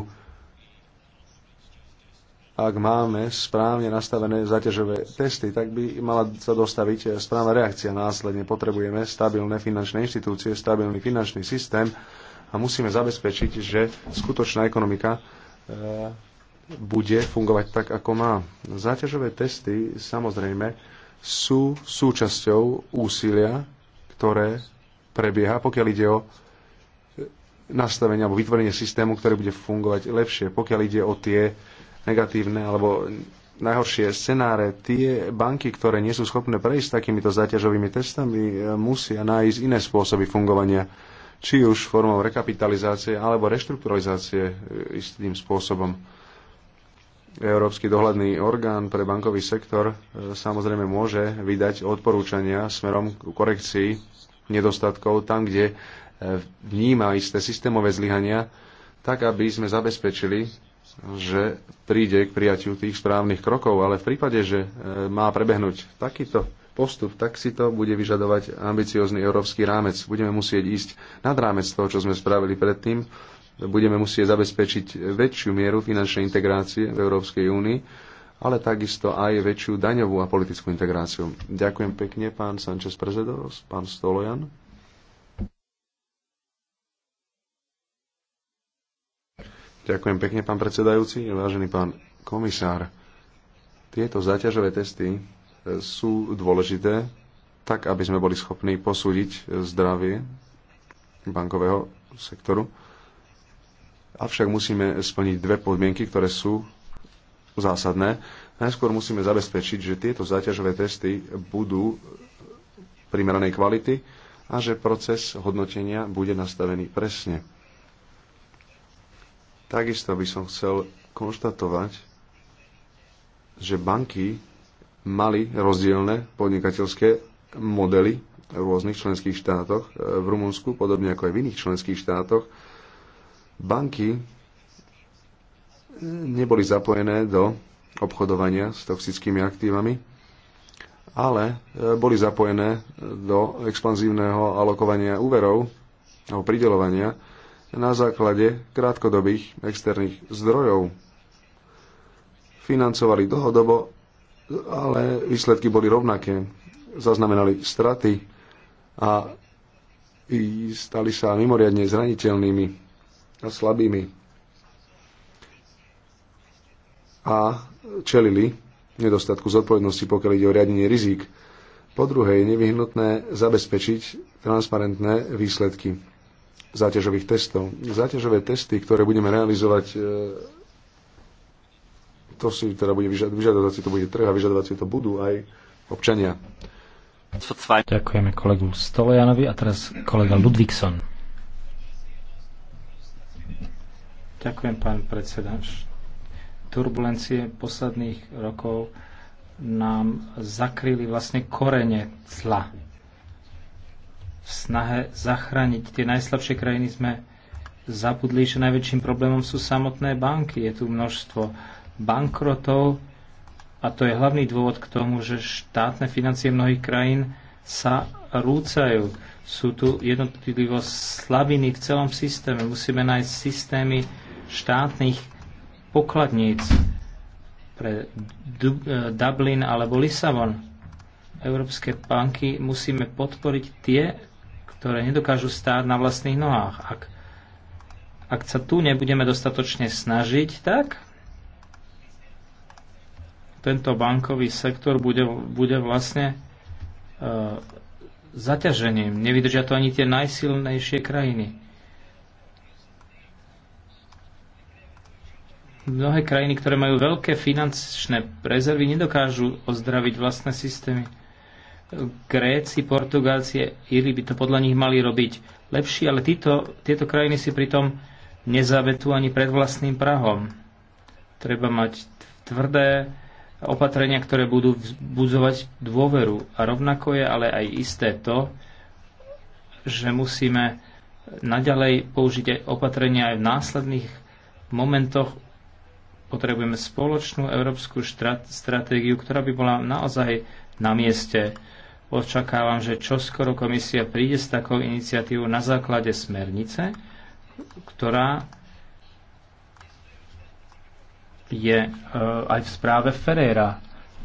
Ak máme správne nastavené zaťažové testy, tak by mala sa dostaviť e, správna reakcia. Následne potrebujeme stabilné finančné inštitúcie, stabilný finančný systém a musíme zabezpečiť, že skutočná ekonomika E, bude fungovať tak, ako má. Záťažové testy samozrejme sú súčasťou úsilia, ktoré prebieha, pokiaľ ide o nastavenie alebo vytvorenie systému, ktoré bude fungovať lepšie. Pokiaľ ide o tie negatívne alebo najhoršie scenáre, tie banky, ktoré nie sú schopné prejsť takýmito záťažovými testami, e, musia nájsť iné spôsoby fungovania či už formou rekapitalizácie alebo reštrukturalizácie e, istým spôsobom. Európsky dohľadný orgán pre bankový sektor e, samozrejme môže vydať odporúčania smerom k korekcii nedostatkov tam, kde e, vníma isté systémové zlyhania, tak aby sme zabezpečili, že príde k prijatiu tých správnych krokov. Ale v prípade, že má prebehnúť takýto postup, tak si to bude vyžadovať ambiciózny európsky rámec. Budeme musieť ísť nad rámec toho, čo sme spravili predtým. Budeme musieť zabezpečiť väčšiu mieru finančnej integrácie v Európskej únii, ale takisto aj väčšiu daňovú a politickú integráciu. Ďakujem pekne, pán Sanchez Prezedos, pán Stolojan. Ďakujem pekne, pán predsedajúci, vážený pán komisár. Tieto zaťažové testy sú dôležité, tak aby sme boli schopní posúdiť zdravie bankového sektoru. Avšak musíme splniť dve podmienky, ktoré sú zásadné. Najskôr musíme zabezpečiť, že tieto záťažové testy budú primeranej kvality a že proces hodnotenia bude nastavený presne. Takisto by som chcel konštatovať, že banky mali rozdielne podnikateľské modely v rôznych členských štátoch, e, v Rumunsku, podobne ako aj v iných členských štátoch. Banky neboli zapojené do obchodovania s toxickými aktívami, ale e, boli zapojené do expanzívneho alokovania úverov alebo pridelovania na základe krátkodobých externých zdrojov. Financovali dlhodobo ale výsledky boli rovnaké. Zaznamenali straty a stali sa mimoriadne zraniteľnými a slabými. A čelili nedostatku zodpovednosti, pokiaľ ide o riadenie rizík. Po druhé, je nevyhnutné zabezpečiť transparentné výsledky záťažových testov. Záťažové testy, ktoré budeme realizovať e, to si teda bude vyžadovať, vyžadovať si to bude trh a vyžadovať si to budú aj občania. Ďakujeme kolegu Stolojanovi a teraz kolega Ludvíkson. Ďakujem, pán predseda. Turbulencie posledných rokov nám zakryli vlastne korene zla. V snahe zachrániť tie najslabšie krajiny sme zabudli, že najväčším problémom sú samotné banky. Je tu množstvo bankrotov a to je hlavný dôvod k tomu, že štátne financie mnohých krajín sa rúcajú. Sú tu jednotlivo slabiny v celom systéme. Musíme nájsť systémy štátnych pokladníc pre e, Dublin alebo Lisabon. Európske banky musíme podporiť tie, ktoré nedokážu stáť na vlastných nohách. Ak, ak sa tu nebudeme dostatočne snažiť, tak tento bankový sektor bude, bude vlastne e, zaťažením. Nevydržia to ani tie najsilnejšie krajiny. Mnohé krajiny, ktoré majú veľké finančné rezervy, nedokážu ozdraviť vlastné systémy. Gréci, Portugálci, Iri by to podľa nich mali robiť lepšie, ale títo, tieto krajiny si pritom nezavetú ani pred vlastným prahom. Treba mať tvrdé opatrenia, ktoré budú vzbudzovať dôveru. A rovnako je ale aj isté to, že musíme naďalej použiť aj opatrenia aj v následných momentoch. Potrebujeme spoločnú európsku štrat- stratégiu, ktorá by bola naozaj na mieste. Očakávam, že čoskoro komisia príde s takou iniciatívou na základe smernice, ktorá je e, aj v správe Ferreira.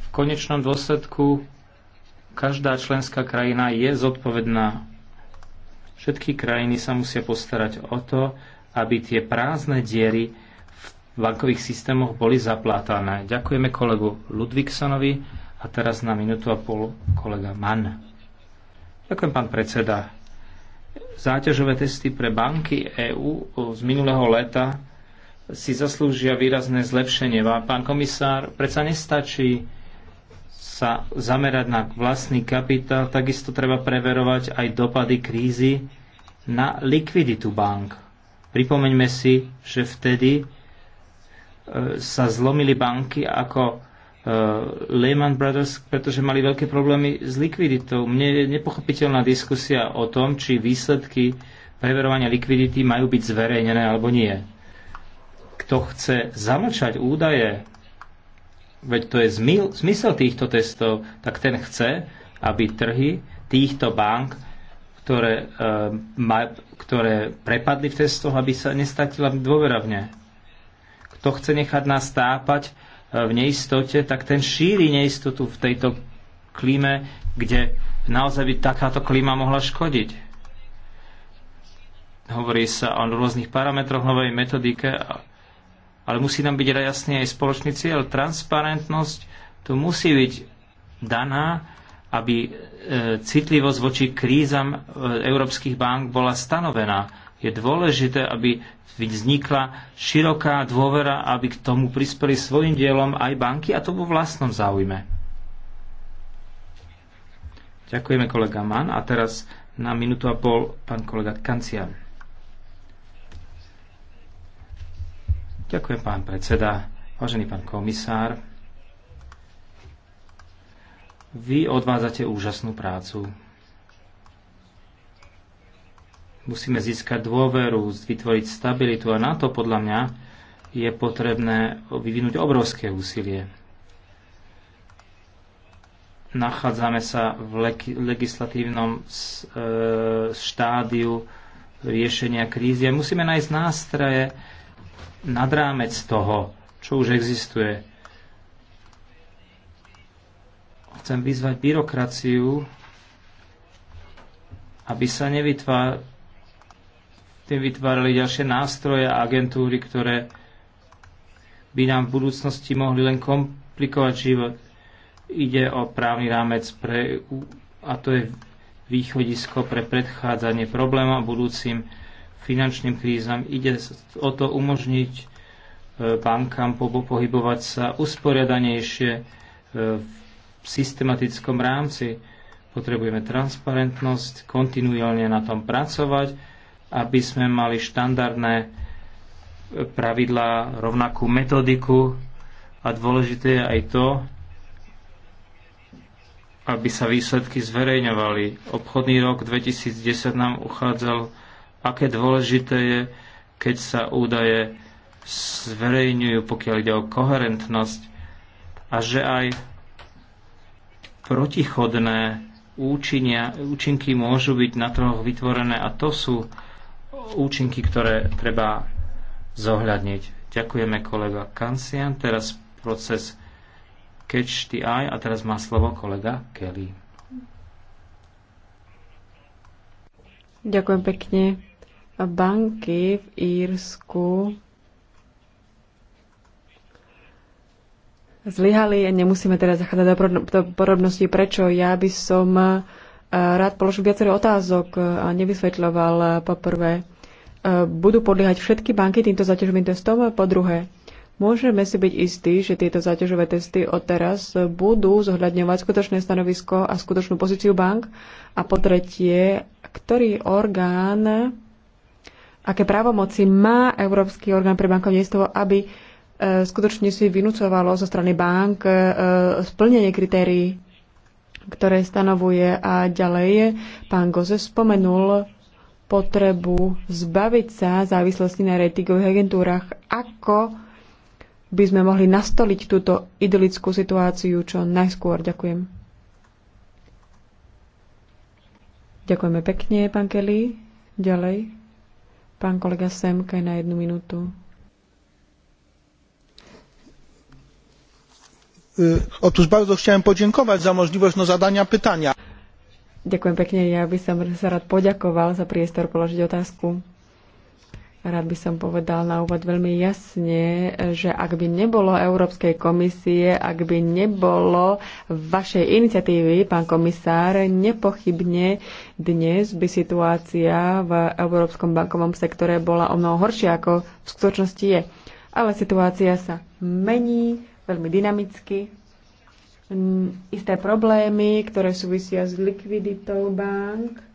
V konečnom dôsledku každá členská krajina je zodpovedná. Všetky krajiny sa musia postarať o to, aby tie prázdne diery v bankových systémoch boli zaplátané. Ďakujeme kolegu Ludvíksonovi a teraz na minútu a pol kolega Mann. Ďakujem, pán predseda. Záťažové testy pre banky EÚ z minulého leta si zaslúžia výrazné zlepšenie. A. Pán komisár, predsa nestačí sa zamerať na vlastný kapitál, takisto treba preverovať aj dopady krízy na likviditu bank. Pripomeňme si, že vtedy e, sa zlomili banky ako e, Lehman Brothers, pretože mali veľké problémy s likviditou. Mne je nepochopiteľná diskusia o tom, či výsledky preverovania likvidity majú byť zverejnené alebo nie kto chce zamlčať údaje, veď to je zmysel týchto testov, tak ten chce, aby trhy týchto bank, ktoré, eh, ma, ktoré prepadli v testoch, aby sa nestatila dôvera v ne. Kto chce nechať nás tápať eh, v neistote, tak ten šíri neistotu v tejto klíme, kde naozaj by takáto klíma mohla škodiť hovorí sa o rôznych parametroch novej metodike a, ale musí nám byť jasný aj spoločný cieľ. Transparentnosť tu musí byť daná, aby e, citlivosť voči krízam e, európskych bank bola stanovená. Je dôležité, aby vznikla široká dôvera, aby k tomu prispeli svojim dielom aj banky a to vo vlastnom záujme. Ďakujeme kolega Mann a teraz na minútu a pol pán kolega Kancian. Ďakujem, pán predseda. Vážený pán komisár, vy odvádzate úžasnú prácu. Musíme získať dôveru, vytvoriť stabilitu a na to podľa mňa je potrebné vyvinúť obrovské úsilie. Nachádzame sa v legislatívnom e, štádiu riešenia krízy a musíme nájsť nástroje, nad rámec toho, čo už existuje. Chcem vyzvať byrokraciu, aby sa nevytvárali tým vytvárali ďalšie nástroje a agentúry, ktoré by nám v budúcnosti mohli len komplikovať život. Ide o právny rámec pre, a to je východisko pre predchádzanie problémov budúcim finančným krízam. Ide o to umožniť e, bankám pohybovať sa usporiadanejšie e, v systematickom rámci. Potrebujeme transparentnosť, kontinuálne na tom pracovať, aby sme mali štandardné e, pravidlá, rovnakú metodiku a dôležité je aj to, aby sa výsledky zverejňovali. Obchodný rok 2010 nám uchádzal aké dôležité je, keď sa údaje zverejňujú, pokiaľ ide o koherentnosť a že aj protichodné účinia, účinky môžu byť na trhoch vytvorené a to sú účinky, ktoré treba zohľadniť. Ďakujeme kolega Kansian. Teraz proces Catch the Eye a teraz má slovo kolega Kelly. Ďakujem pekne. Banky v Írsku zlyhali, nemusíme teda zachádzať do podrobnosti. prečo ja by som eh, rád položil viacero otázok a nevysvetľoval eh, poprvé. Eh, budú podliehať všetky banky týmto zaťažovým testom? Po druhé, môžeme si byť istí, že tieto zaťažové testy odteraz budú zohľadňovať skutočné stanovisko a skutočnú pozíciu bank? A po tretie, ktorý orgán aké právomoci má Európsky orgán pre bankovníctvo, aby e, skutočne si vynúcovalo zo strany bank e, splnenie kritérií, ktoré stanovuje. A ďalej pán Goze spomenul potrebu zbaviť sa závislosti na ratingových agentúrach. Ako by sme mohli nastoliť túto idylickú situáciu čo najskôr? Ďakujem. Ďakujeme pekne, pán Kelly. Ďalej. Pán kolega Semke na jednu minútu. Otóż bardzo chciałem podziękować za możliwość no, zadania pytania. Dziękuję pięknie. ja bym som rad podziękował za priestor položiť otázku. Rád by som povedal na úvod veľmi jasne, že ak by nebolo Európskej komisie, ak by nebolo vašej iniciatívy, pán komisár, nepochybne dnes by situácia v Európskom bankovom sektore bola o mnoho horšia, ako v skutočnosti je. Ale situácia sa mení veľmi dynamicky. Isté problémy, ktoré súvisia s likviditou bank,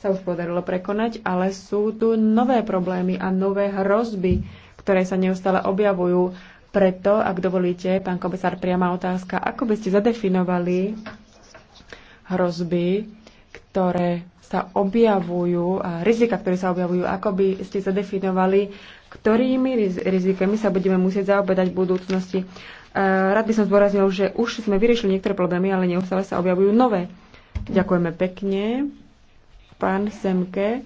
sa už podarilo prekonať, ale sú tu nové problémy a nové hrozby, ktoré sa neustále objavujú. Preto, ak dovolíte, pán komisár, priama otázka, ako by ste zadefinovali hrozby, ktoré sa objavujú a rizika, ktoré sa objavujú, ako by ste zadefinovali, ktorými rizikami sa budeme musieť zaobedať v budúcnosti. E, rád by som zdôraznil, že už sme vyriešili niektoré problémy, ale neustále sa objavujú nové. Ďakujeme pekne pán Semke.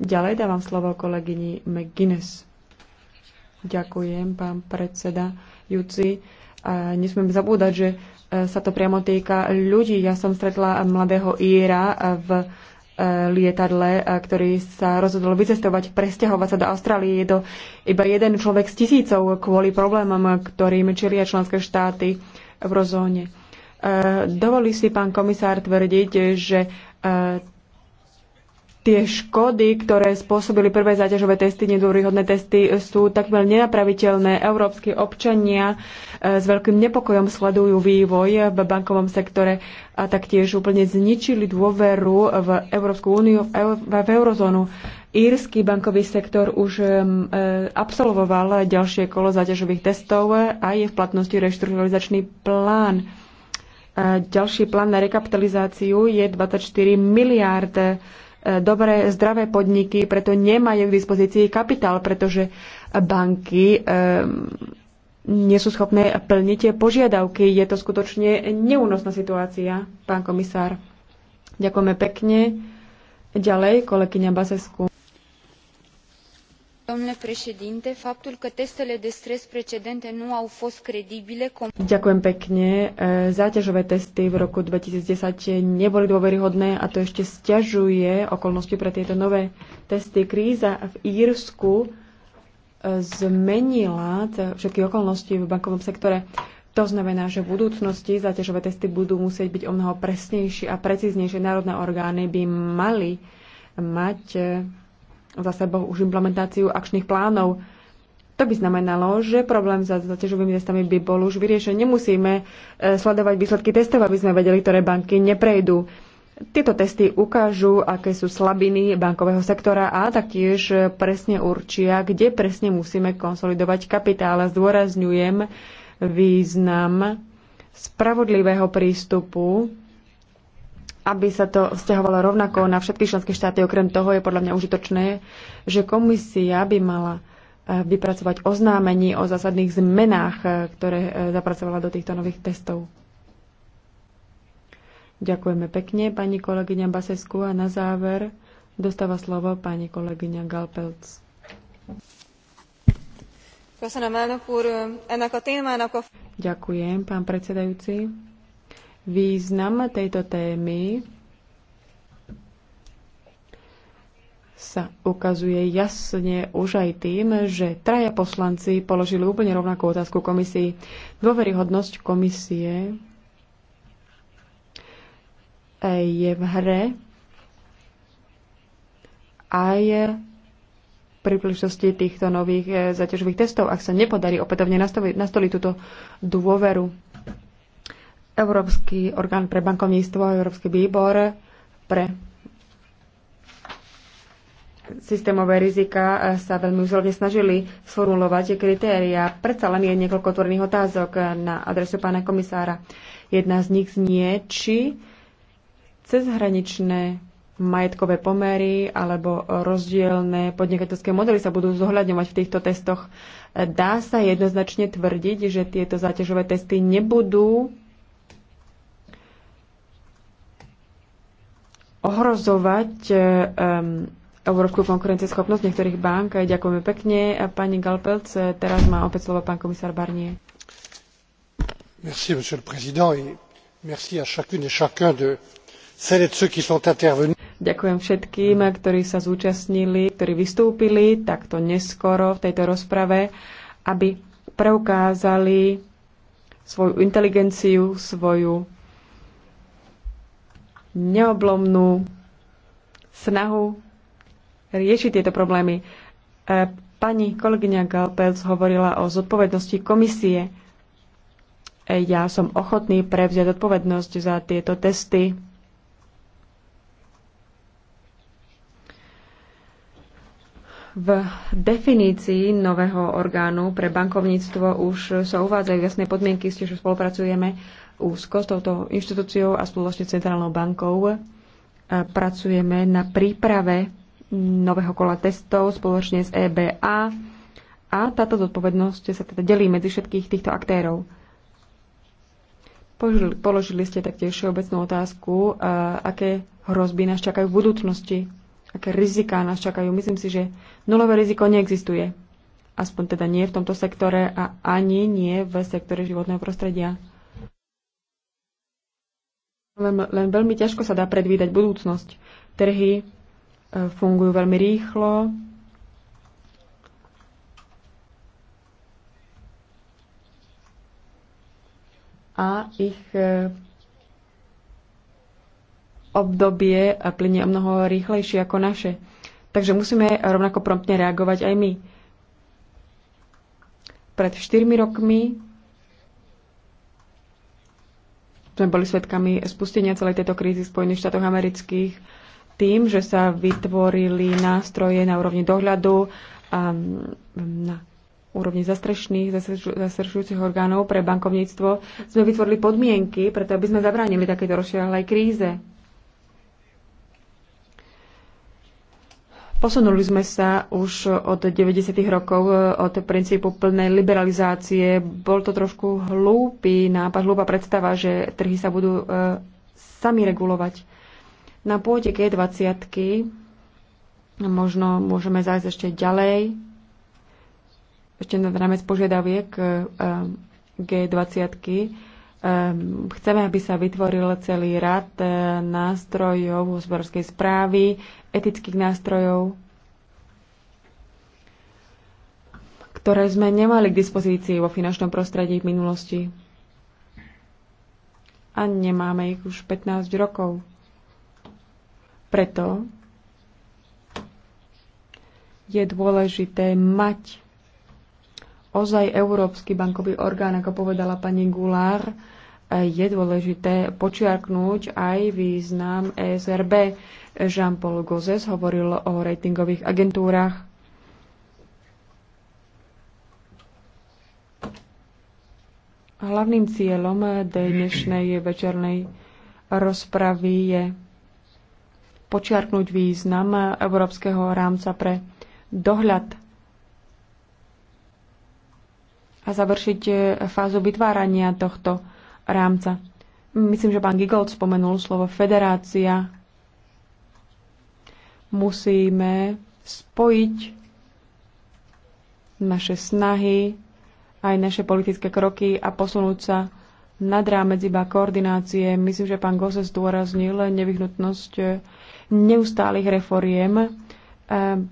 Ďalej dávam slovo kolegyni McGuinness. Ďakujem, pán predseda Juci. nesmieme zabúdať, že e, sa to priamo týka ľudí. Ja som stretla mladého Íra v e, lietadle, e, ktorý sa rozhodol vycestovať, presťahovať sa do Austrálie. Je to iba jeden človek z tisícov kvôli problémom, ktorým čelia členské štáty v rozóne. Dovolí si pán komisár tvrdiť, že tie škody, ktoré spôsobili prvé záťažové testy, nedôvryhodné testy, sú takmer nenapraviteľné. Európsky občania e, s veľkým nepokojom sledujú vývoj v bankovom sektore a taktiež úplne zničili dôveru v Európsku úniu, v eurozónu. Írsky bankový sektor už e, e, absolvoval ďalšie kolo záťažových testov a je v platnosti reštrukturalizačný plán. Ďalší plán na rekapitalizáciu je 24 miliárd dobré, zdravé podniky, preto nemajú k dispozícii kapitál, pretože banky ehm, nie sú schopné plniť tie požiadavky. Je to skutočne neúnosná situácia, pán komisár. Ďakujeme pekne. Ďalej, kolegyňa Basesku faptul că testele de stres precedente nu au fost credibile Ďakujem pekne. E, záťažové testy v roku 2010 neboli dôveryhodné a to ešte stiažuje okolnosti pre tieto nové testy. Kríza v Írsku e, zmenila všetky okolnosti v bankovom sektore. To znamená, že v budúcnosti záťažové testy budú musieť byť o mnoho presnejšie a precíznejšie. Národné orgány by mali mať e, za sebou už implementáciu akčných plánov. To by znamenalo, že problém za zaťažovými testami by bol už vyriešený. Nemusíme e, sledovať výsledky testov, aby sme vedeli, ktoré banky neprejdú. Tieto testy ukážu, aké sú slabiny bankového sektora a taktiež presne určia, kde presne musíme konsolidovať kapitál. A zdôrazňujem význam spravodlivého prístupu aby sa to vzťahovalo rovnako na všetky členské štáty. Okrem toho je podľa mňa užitočné, že komisia by mala e, vypracovať oznámení o zásadných zmenách, e, ktoré e, zapracovala do týchto nových testov. Ďakujeme pekne, pani kolegyňa Basesku. A na záver dostáva slovo pani kolegyňa Galpelc. Ďakujem, pán predsedajúci. Význam tejto témy sa ukazuje jasne už aj tým, že traja poslanci položili úplne rovnakú otázku komisii. Dôveryhodnosť komisie je v hre aj pri príležitosti týchto nových eh, zaťažových testov, ak sa nepodarí opätovne nastoliť, nastoliť túto dôveru Európsky orgán pre bankovníctvo, Európsky výbor pre systémové rizika sa veľmi úzorne snažili sformulovať kritéria. Predsa len je niekoľko otvorených otázok na adresu pána komisára. Jedna z nich znie, či cezhraničné majetkové pomery alebo rozdielne podnikateľské modely sa budú zohľadňovať v týchto testoch. Dá sa jednoznačne tvrdiť, že tieto záťažové testy nebudú ohrozovať um, európsku konkurencieschopnosť niektorých bank. Ďakujeme pekne. A pani Galpelc, eh, teraz má opäť slovo pán komisár Barnier. Merci, monsieur le président, et merci à chacune et chacun de celles et de ceux qui sont intervenus. Ďakujem všetkým, ktorí sa zúčastnili, ktorí vystúpili takto neskoro v tejto rozprave, aby preukázali svoju inteligenciu, svoju neoblomnú snahu riešiť tieto problémy. E, pani kolegyňa Galpels hovorila o zodpovednosti komisie. E, ja som ochotný prevziať zodpovednosť za tieto testy. V definícii nového orgánu pre bankovníctvo už sa uvádzajú jasné podmienky, s tiež spolupracujeme úzko s touto inštitúciou a spoločne Centrálnou bankou pracujeme na príprave nového kola testov spoločne s EBA a táto zodpovednosť sa teda delí medzi všetkých týchto aktérov. Položili ste taktiež všeobecnú otázku, aké hrozby nás čakajú v budúcnosti, aké riziká nás čakajú. Myslím si, že nulové riziko neexistuje. Aspoň teda nie v tomto sektore a ani nie v sektore životného prostredia. Len, len veľmi ťažko sa dá predvídať budúcnosť. Trhy e, fungujú veľmi rýchlo. A ich e, obdobie plinie o mnoho rýchlejšie ako naše. Takže musíme rovnako promptne reagovať aj my. Pred 4 rokmi sme boli svedkami spustenia celej tejto krízy v Spojených štátoch amerických tým, že sa vytvorili nástroje na úrovni dohľadu a um, na úrovni zastrešných, zastrešujúcich orgánov pre bankovníctvo, sme vytvorili podmienky, preto aby sme zabránili takéto rozšiahlej kríze. Posunuli sme sa už od 90. rokov e, od princípu plnej liberalizácie. Bol to trošku hlúpy nápad, hlúpa predstava, že trhy sa budú e, sami regulovať. Na pôde G20 možno môžeme zájsť ešte ďalej, ešte na rámec požiadaviek e, G20. Chceme, aby sa vytvoril celý rad nástrojov hospodárskej správy, etických nástrojov, ktoré sme nemali k dispozícii vo finančnom prostredí v minulosti. A nemáme ich už 15 rokov. Preto je dôležité mať ozaj Európsky bankový orgán, ako povedala pani Gulár, je dôležité počiarknúť aj význam ESRB. Jean-Paul Gozes hovoril o ratingových agentúrach. Hlavným cieľom dnešnej večernej rozpravy je počiarknúť význam európskeho rámca pre dohľad a završiť fázu vytvárania tohto rámca. Myslím, že pán Gigold spomenul slovo federácia musíme spojiť naše snahy, aj naše politické kroky a posunúť sa nad rámec iba koordinácie. Myslím, že pán Gose zdôraznil nevyhnutnosť neustálych reforiem. Ehm,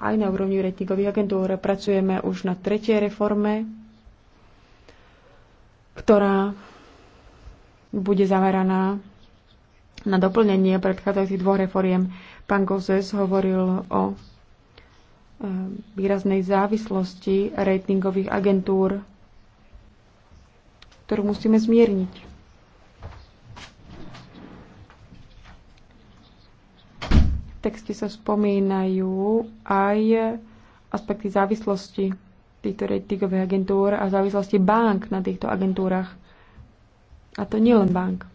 aj na úrovni ratingových agentúr pracujeme už na tretej reforme, ktorá bude zameraná na doplnenie predchádzajúcich dvoch reforiem. Pán Gozes hovoril o e, výraznej závislosti ratingových agentúr, ktorú musíme zmierniť. V texte sa spomínajú aj aspekty závislosti týchto ratingových agentúr a závislosti bank na týchto agentúrach. A to len bank.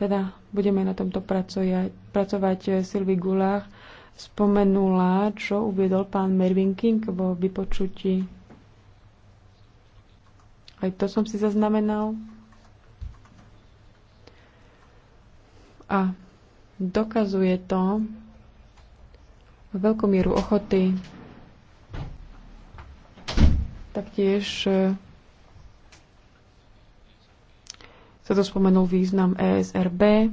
Teda budeme na tomto pracovať. pracovať eh, Sylvie Gulách spomenula, čo uviedol pán Mervin King vo vypočutí. Aj to som si zaznamenal. A dokazuje to veľkú mieru ochoty taktiež eh, sa to spomenul význam ESRB.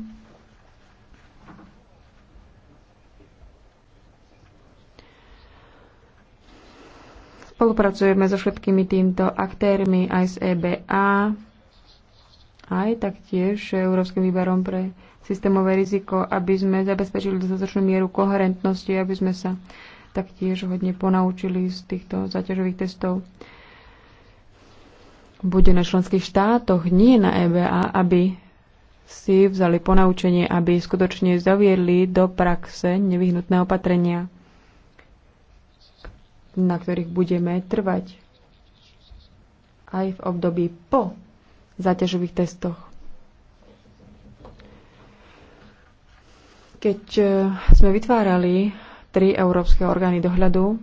Spolupracujeme so všetkými týmto aktérmi aj s EBA, aj taktiež Európskym výberom pre systémové riziko, aby sme zabezpečili dostatočnú mieru koherentnosti, aby sme sa taktiež hodne ponaučili z týchto zaťažových testov bude na členských štátoch, nie na EBA, aby si vzali ponaučenie, aby skutočne zaviedli do praxe nevyhnutné opatrenia, na ktorých budeme trvať aj v období po záťažových testoch. Keď eh, sme vytvárali tri európske orgány dohľadu,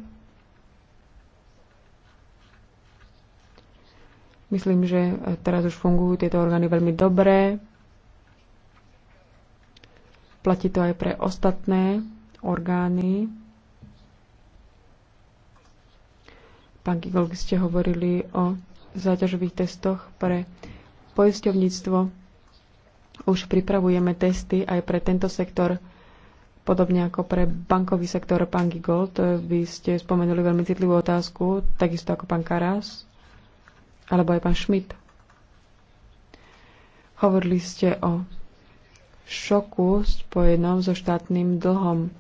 Myslím, že teraz už fungujú tieto orgány veľmi dobre. Platí to aj pre ostatné orgány. Pán Gigol, ste hovorili o záťažových testoch pre poisťovníctvo. Už pripravujeme testy aj pre tento sektor, podobne ako pre bankový sektor. Pán Gigold, vy ste spomenuli veľmi citlivú otázku, takisto ako pán Karas alebo aj pán Schmidt. Hovorili ste o šoku spojenom so štátnym dlhom.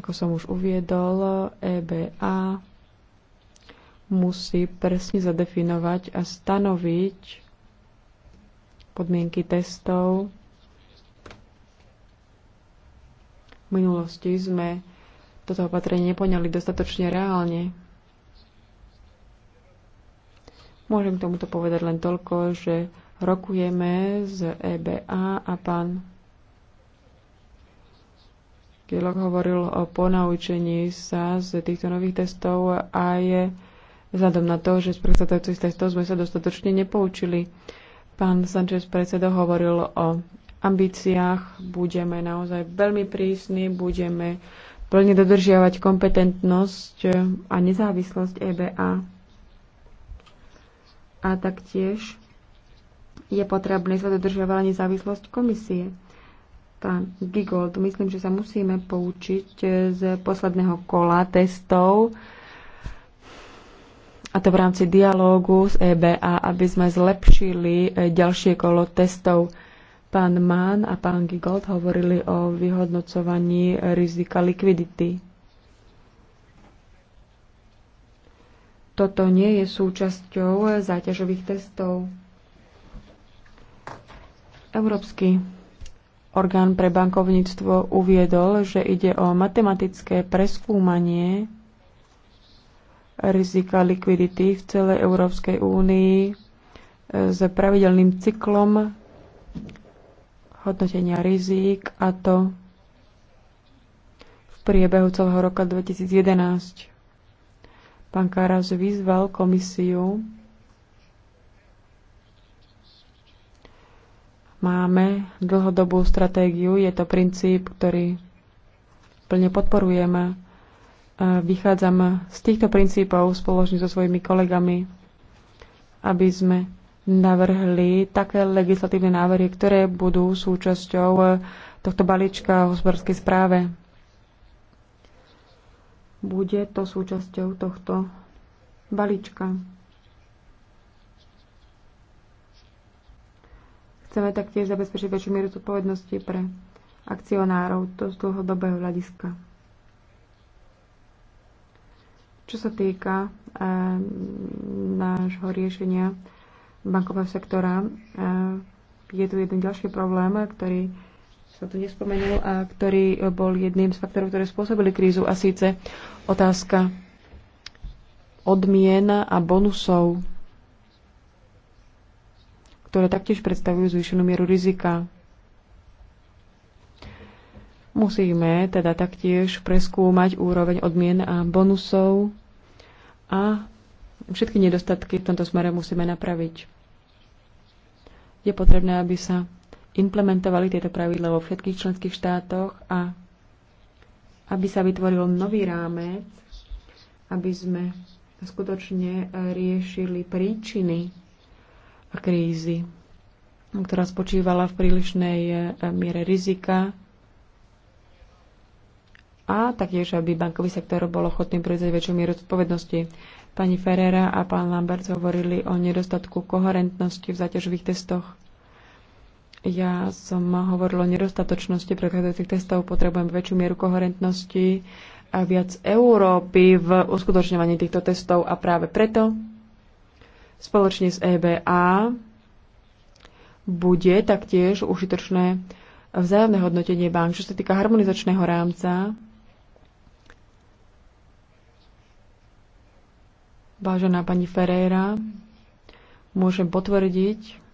Ako som už uviedol, EBA musí presne zadefinovať a stanoviť podmienky testov. V minulosti sme toto opatrenie nepoňali dostatočne reálne. Môžem k tomuto povedať len toľko, že rokujeme z EBA a pán Kielok hovoril o ponaučení sa z týchto nových testov a je vzhľadom na to, že z predchádzajúcich testov sme sa dostatočne nepoučili. Pán Sanchez predseda hovoril o ambíciách, budeme naozaj veľmi prísni, budeme plne dodržiavať kompetentnosť a nezávislosť EBA a taktiež je potrebné sa dodržiavala nezávislosť komisie. Pán Gigold, myslím, že sa musíme poučiť eh, z posledného kola testov, a to v rámci dialógu s EBA, aby sme zlepšili eh, ďalšie kolo testov. Pán Mann a pán Gigold hovorili o vyhodnocovaní rizika likvidity. toto nie je súčasťou eh, záťažových testov. Európsky orgán pre bankovníctvo uviedol, že ide o matematické preskúmanie rizika likvidity v celej Európskej únii eh, s pravidelným cyklom hodnotenia rizik a to v priebehu celého roka 2011. Pán Karas vyzval komisiu. Máme dlhodobú stratégiu, je to princíp, ktorý plne podporujeme. E, vychádzam z týchto princípov spoločne so svojimi kolegami, aby sme navrhli také legislatívne návrhy, ktoré budú súčasťou e, tohto balíčka o hospodárskej správe bude to súčasťou tohto balíčka. Chceme taktiež zabezpečiť väčšiu mieru zodpovednosti pre akcionárov, to z dlhodobého hľadiska. Čo sa týka e, nášho riešenia bankového sektora, e, je tu jeden ďalší problém, ktorý som tu nespomenul a ktorý bol jedným z faktorov, ktoré spôsobili krízu a síce otázka odmien a bonusov, ktoré taktiež predstavujú zvýšenú mieru rizika. Musíme teda taktiež preskúmať úroveň odmien a bonusov a všetky nedostatky v tomto smere musíme napraviť. Je potrebné, aby sa implementovali tieto pravidla vo všetkých členských štátoch a aby sa vytvoril nový rámec, aby sme skutočne riešili príčiny krízy, ktorá spočívala v prílišnej eh, miere rizika a taktiež, aby bankový sektor bol ochotný prevziať väčšiu mieru zodpovednosti. Pani Ferrera a pán Lambert hovorili o nedostatku koherentnosti v záťažových testoch ja som hovorila o nedostatočnosti prekladajúcich testov, potrebujem väčšiu mieru koherentnosti a viac Európy v uskutočňovaní týchto testov a práve preto spoločne s EBA bude taktiež užitočné vzájomné hodnotenie bank. Čo sa týka harmonizačného rámca, vážená pani Ferreira, môžem potvrdiť,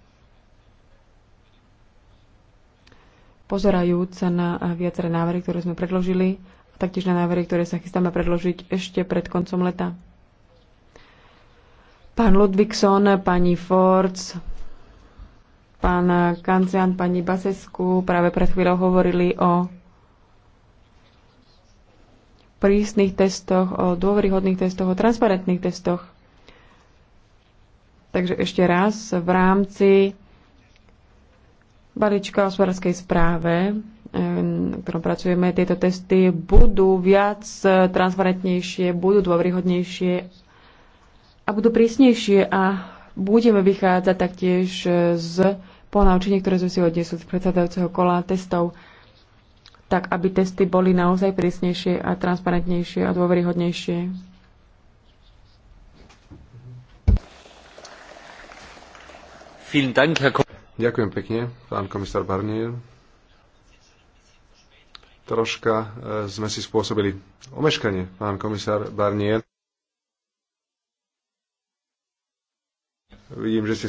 pozerajúc sa na viaceré návrhy, ktoré sme predložili a taktiež na návrhy, ktoré sa chystáme predložiť ešte pred koncom leta. Pán Ludvíkson, pani Forc, pán Kancian, pani Basesku práve pred chvíľou hovorili o prísnych testoch, o dôveryhodných testoch, o transparentných testoch. Takže ešte raz, v rámci balíčka o hospodárskej správe, eh, na ktorom pracujeme, tieto testy budú viac eh, transparentnejšie, budú dôveryhodnejšie a budú prísnejšie a budeme vychádzať taktiež eh, z ponaučení, ktoré sme si odnesli z predchádzajúceho kola testov, tak aby testy boli naozaj prísnejšie a transparentnejšie a dôveryhodnejšie. Vielen Dank, Herr Ďakujem pekne, pán komisár Barnier. Troška e, sme si spôsobili omeškanie, pán komisár Barnier. Vidím, že ste